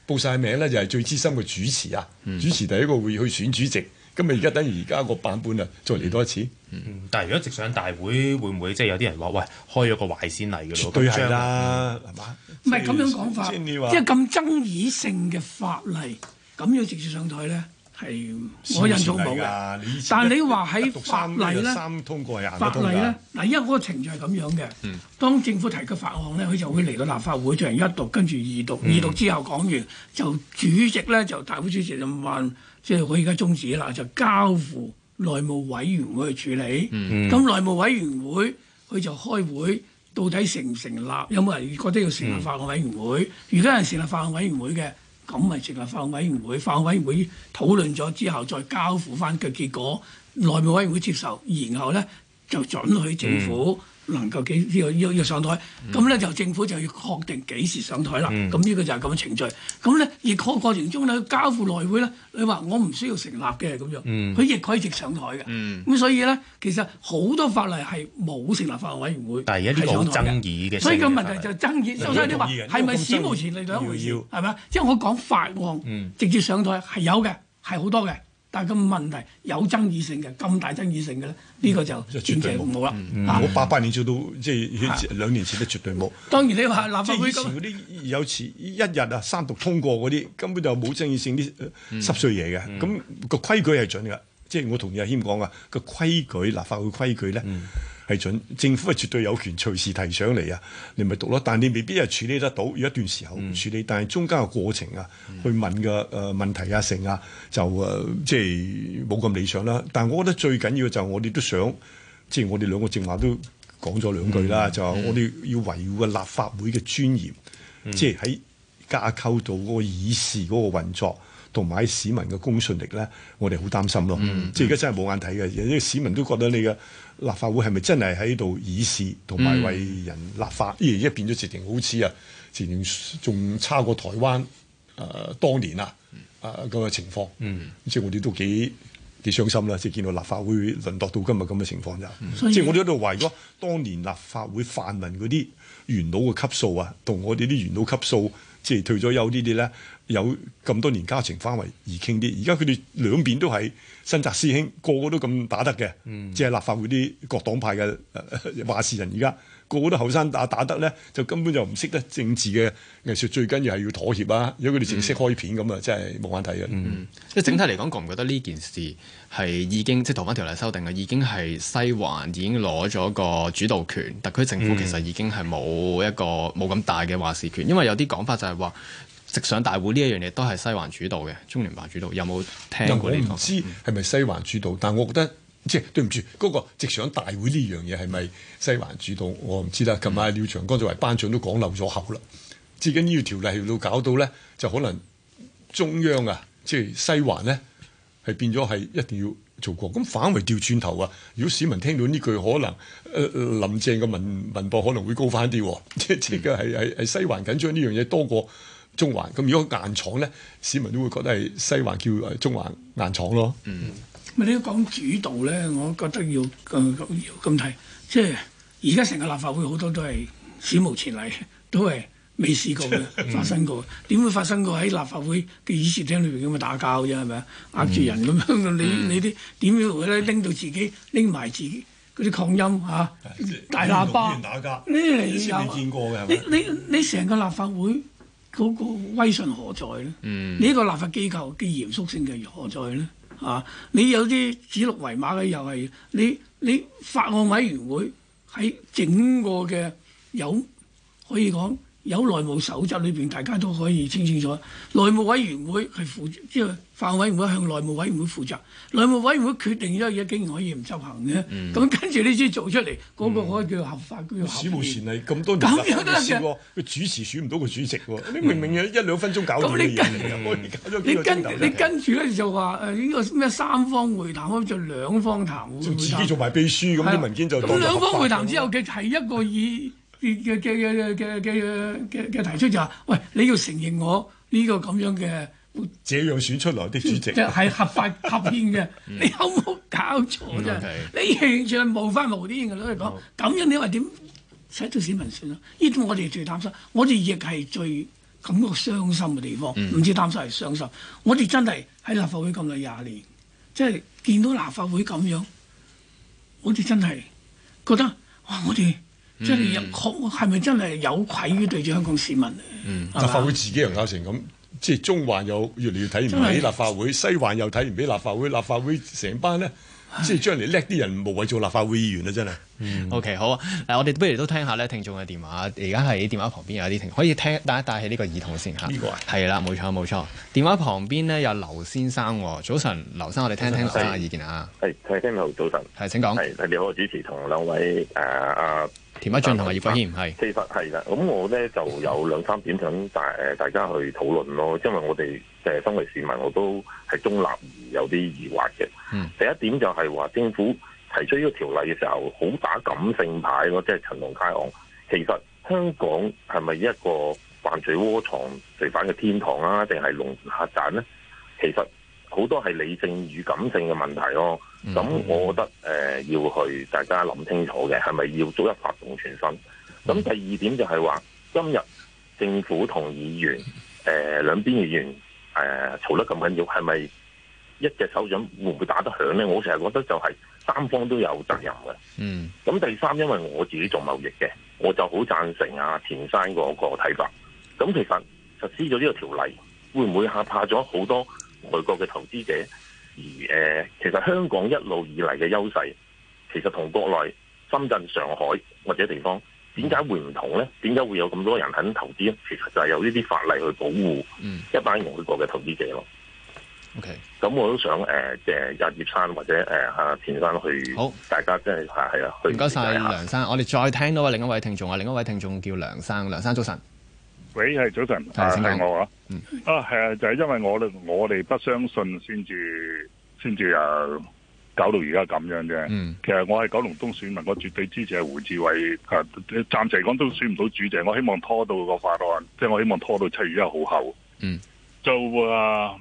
報晒名咧就係最資深嘅主持啊，主持第一個會議去選主席。今日而家等於而家個版本啊，再嚟多次。嗯，但係如果直上大會，會唔會即係有啲人話喂，開咗個壞先例㗎咯？絕對係啦，係嘛嗎？唔係咁樣講法，即係咁爭議性嘅法例咁樣直接上台咧，係我印唔到冇嘅。是是但係你話喺法例咧，法例咧，嗱，因為嗰個程序係咁樣嘅。嗯。當政府提嘅法案咧，佢就會嚟到立法會進行一讀，跟住二讀，二讀，二讀之後講完，就主席咧，就大會主席就問。就即係佢而家中止啦，就交付內務委員會去處理。咁、mm hmm. 內務委員會佢就開會，到底成唔成立？有冇人覺得要成立法案委員會？如果係成立法案委員會嘅，咁咪成立法案委員會。法案委員會討論咗之後，再交付翻個結果，內務委員會接受，然後呢，就准許政府。Mm hmm. 能夠幾要要要上台，咁咧、嗯、就政府就要確定幾時上台啦。咁呢個就係咁嘅程序。咁咧而個過程中咧，交付內會咧，你話我唔需要成立嘅咁樣，佢、嗯、亦可以直上台嘅。咁、嗯、所以咧，其實好多法例係冇成立法案委員會，係有爭議嘅。所以個問題就爭議。所以就你話係咪史無前例兩回事？係咪要要？即係我講法案直接上台係有嘅，係好多嘅。但係咁問題有爭議性嘅，咁大爭議性嘅咧，呢、嗯、個就就絕對冇啦。我八八年做到，即係、啊、兩年前都絕對冇。當然你話立法會咁，即以前啲有時一日啊三讀通過嗰啲，根本就冇爭議性啲濕碎嘢嘅。咁、呃嗯嗯、個規矩係準㗎。即係我同意阿謙講啊，個規矩立法會規矩咧係準，嗯、政府係絕對有權隨時提上嚟啊，你咪讀咯。但係你未必係處理得到，有一段時候唔處理。嗯、但係中間嘅過程啊，去問嘅誒問題啊，成啊就誒、呃、即係冇咁理想啦。但係我覺得最緊要就我哋都想，即係我哋兩個正話都講咗兩句啦，嗯、就我哋要維護個立法會嘅尊嚴，嗯、即係喺架構度嗰個議事嗰個運作。同埋市民嘅公信力咧，我哋好擔心咯。嗯、即係而家真係冇眼睇嘅，而家啲市民都覺得你嘅立法會係咪真係喺度議事同埋為人立法？咦、嗯，而家變咗直情好似啊，直情仲差過台灣誒、呃、當年啊誒咁嘅情況。嗯、即係我哋都幾幾傷心啦、啊！即係見到立法會輪到到今日咁嘅情況就，以即係我哋喺度為咗當年立法會泛民嗰啲元老嘅級數啊，同我哋啲元老級數即係退咗休呢啲咧。有咁多年家情翻嚟易傾啲，而家佢哋兩邊都係新紮師兄，個個都咁打得嘅。嗯，即係立法會啲各黨派嘅話事人，而家個個都後生打打得咧，就根本就唔識得政治嘅藝術。最緊要係要妥協啊！如果佢哋淨識開片咁啊、嗯，真係冇眼睇嘅。即係整體嚟講，覺唔覺得呢件事係已經即係《逃犯條例》修訂啊，已經係西環已經攞咗個主導權，特區政府其實已經係冇一個冇咁大嘅話事權，嗯、因為有啲講法係就係話。直上大會呢一樣嘢都係西環主導嘅，中聯辦主導。有冇聽過？我唔知係咪西環主導，嗯、但係我覺得即係對唔住嗰個直上大會呢樣嘢係咪西環主導？我唔知啦。琴晚廖長江作為班長都講漏咗口啦。至緊要條例到搞到咧，就可能中央啊，即係西環咧係變咗係一定要做過。咁反為掉轉頭啊！如果市民聽到呢句，可能林鄭嘅民民望可能會高翻啲。即係即係係係係西環緊張呢樣嘢多過。中環，咁如果硬闖咧，市民都會覺得係西環叫誒中環硬闖咯。嗯，咪啲講主導咧，我覺得要咁要咁睇，即係而家成個立法會好多都係史無前例，都係未試過嘅發生過。點會發生過喺立法會嘅議事廳裏邊咁樣打交啫？係咪啊？呃住人咁樣，你你啲點樣會咧拎到自己拎埋自己嗰啲擴音嚇大喇叭呢？你有你你你成個立法會。嗰個威信何在咧？嗯，呢個立法機構嘅嚴肅性嘅何在咧？啊！你有啲指鹿為馬嘅，又係你你法案委員會喺整個嘅有可以講。有內務守則裏邊，大家都可以清清楚。內務委員會係負，即係泛委員會向內務委員會負責。內務委員會決定咗嘢，竟然可以唔執行嘅？咁跟住呢啲做出嚟，嗰個可以叫合法，叫做史無前例咁多年啦。咁樣得嘅主持選唔到個主席喎，你明明有一兩分鐘搞咁，你跟住開搞咗幾個鐘頭咧？你跟住咧就話誒呢個咩三方會談，就兩方談會，做自己做埋秘書咁啲文件就咁兩方會談之後嘅係一個以。嘅嘅嘅嘅嘅嘅嘅提出就話、是，喂，你要承認我呢個咁樣嘅，這樣選出來的主席，係 合法合憲嘅。 你有冇搞錯啫？Okay. 你完全無法無天嘅攞嚟講咁 Okay. 樣，你話點使到市民選咯？呢度我哋最擔心，我哋亦係最感覺傷心嘅地方。唔 知擔心係傷心。我哋真係喺立法會咁耐廿年，即、就、係、是、見到立法會咁樣，我哋真係覺得哇、哦！我哋即係有確係咪真係有愧於對住香港市民？嗯，吧立法會自己又搞成咁，嗯、即係中環又越嚟越睇唔起立法會，的西環又睇唔起立法會，立法會成班咧，唉即係將嚟叻啲人無謂做立法會議員啊！真係。嗯、o、okay, k 好啊。嗱、啊，我哋不如都聽下咧，聽眾嘅電話。而家喺電話旁邊有啲聽，可以聽戴一戴起呢個耳筒先嚇。呢個啊。係啦，冇錯冇錯。電話旁邊呢，有劉先生，早晨，劉生，我哋聽聽，是聽聽下意見啊。係，聽日好早晨。係請講。係你好，我主持同兩位誒啊。呃田北俊同埋葉國謙係，是是其實係啦，咁我咧就有兩三點想大誒大家去討論咯，嗯、因為我哋誒身為市民，我都係中立而有啲疑惑嘅。嗯、第一點就係話政府提出呢個條例嘅時候，好打感性牌咯，即係陳同佳案。其實香港係咪一個犯罪窩藏罪犯嘅天堂啊？定係龍客棧咧？其實。好多係理性與感性嘅問題咯、哦、咁、嗯、我覺得誒、呃、要去大家諗清楚嘅係咪要逐一發動全身？咁第二點就係話今日政府同議員誒、呃、兩邊議員誒、呃、吵得咁緊要，係咪一隻手掌會唔會打得響咧？我成日覺得就係三方都有責任嘅。嗯，咁第三，因為我自己做貿易嘅，我就好贊成阿、啊、田生嗰個睇法。咁其實實施咗呢個條例，會唔會嚇怕咗好多？外國嘅投資者，而誒、呃，其實香港一路以嚟嘅優勢，其實同國內深圳、上海或者地方，點解會唔同咧？點解會有咁多人肯投資咧？其實就係有呢啲法例去保護一班外國嘅投資者咯、嗯。OK，咁我都想誒，借、呃、葉葉生或者誒啊田生去好，大家即係係係啊，唔該晒梁生。我哋再聽到另一位聽眾啊，另一位聽眾叫梁生，梁生早晨。喂，係早晨，係我啊，啊係是啊，就係、是、因為我我哋不相信，先至先至又搞到而家咁樣啫。嗯、其實我係九龍東選民，我絕對支持胡志偉。啊，暫時嚟講都選唔到主席，我希望拖到個法案，即係我希望拖到七月一號後。嗯，就啊，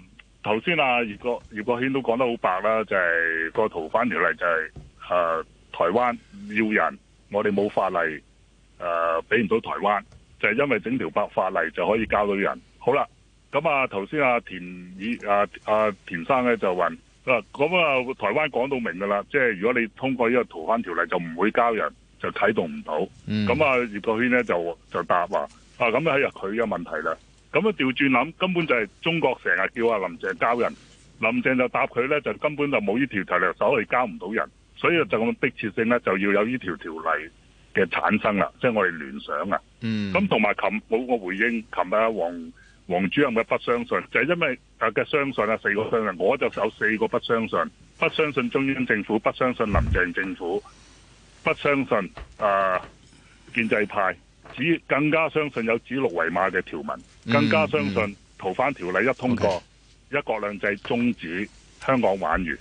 頭先啊葉國葉國謙都講得好白啦，就係、是、個逃犯條例、就是，就係啊台灣要人，我哋冇法例，誒俾唔到台灣。就係因為整條白法例，就可以交到人。好啦，okay, uh, uh, uh, Get.，咁啊，頭先阿田以阿阿田生咧就話，嗱，咁啊台灣講到明噶啦，即係如果你通過呢個逃犯條例就唔會交人，就啟動唔到。咁啊葉國謙咧就就答話，啊咁喺日佢嘅問題啦。咁啊調轉諗，根本就係中國成日叫阿林鄭交人，林鄭就答佢咧就根本就冇呢條條例，所以交唔到人。所以就咁迫切性咧，就要有呢條條例。嘅產生啦，即係我哋聯想啊，咁同埋琴冇個回應，琴日阿王王主任嘅不相信，就係、是、因為啊嘅相信啊四個相信，我就有四個不相信，不相信中央政府，不相信林鄭政府，不相信啊建制派，只更加相信有指鹿為馬嘅條文，更加相信逃犯條例一通過，嗯嗯、一國兩制終止，香港玩完。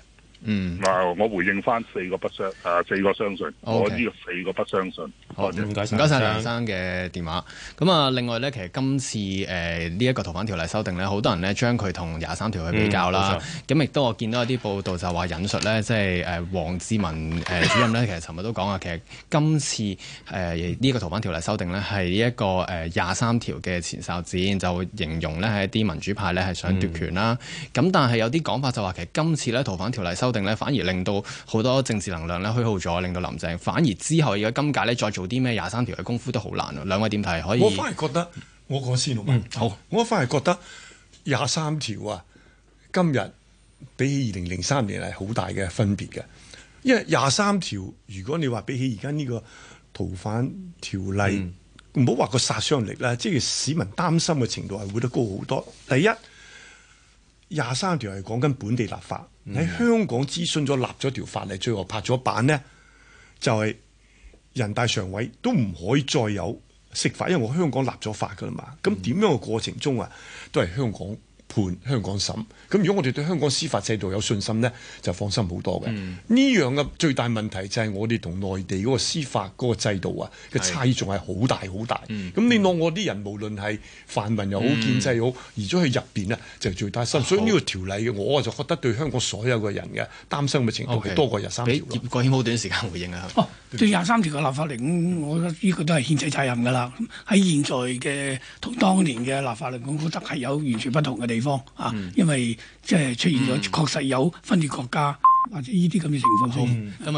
嗯，嗱，我回應返四個不相，啊四個相信，哦 okay. 我呢個四個不相信。好，唔該晒，唔該晒，梁生嘅電話。咁啊，另外呢，其實今次誒呢一個逃犯條例修訂呢，好多人呢將佢同廿三條去比較啦。咁亦、嗯、都我見到有啲報道就話引述呢，即係誒王志民誒、呃、主任呢，其實尋日都講話，其實今次誒呢、呃這個逃犯條例修訂呢，係一個誒廿、呃、三條嘅前哨戰，就會形容呢，係一啲民主派呢係想奪權啦。咁、嗯、但係有啲講法就話，其實今次呢逃犯條例修反而令到好多政治能量咧虛耗咗，令到林鄭反而之後而家今屆咧再做啲咩廿三條嘅功夫都好難啊！兩位點睇？可以？我反而覺得我講先好嘛。嗯，好。我反而覺得廿三條啊，今日比起二零零三年係好大嘅分別嘅，因為廿三條如果你話比起而家呢個逃犯條例，唔好話個殺傷力啦，即係市民擔心嘅程度係會得高好多。第一。廿三條係講緊本地立法，喺、嗯、香港諮詢咗立咗條法，嚟最後拍咗板呢，就係、是、人大常委都唔可以再有釋法，因為我香港立咗法噶啦嘛，咁點樣嘅過程中啊，都係香港。判香港審，咁如果我哋對香港司法制度有信心咧，就放心好多嘅。呢、嗯、樣嘅最大問題就係我哋同內地嗰個司法嗰個制度啊嘅差異仲係好大好大。咁、嗯嗯、你當我啲人無論係泛民又好，建制又好，嗯、移咗去入邊咧就係、是、最擔心。啊、所以呢個條例嘅，我就覺得對香港所有嘅人嘅擔心嘅程度 Okay. 多過廿三條。俾葉國謙好短時間回應啊！哦，對廿三條嘅立法例，我覺得呢個都係憲制責任㗎啦。喺現在嘅同當年嘅立法例，我覺得係有完全不同嘅地方。啊，因為即係出現咗確實有分裂國家或者呢啲咁嘅情況，好。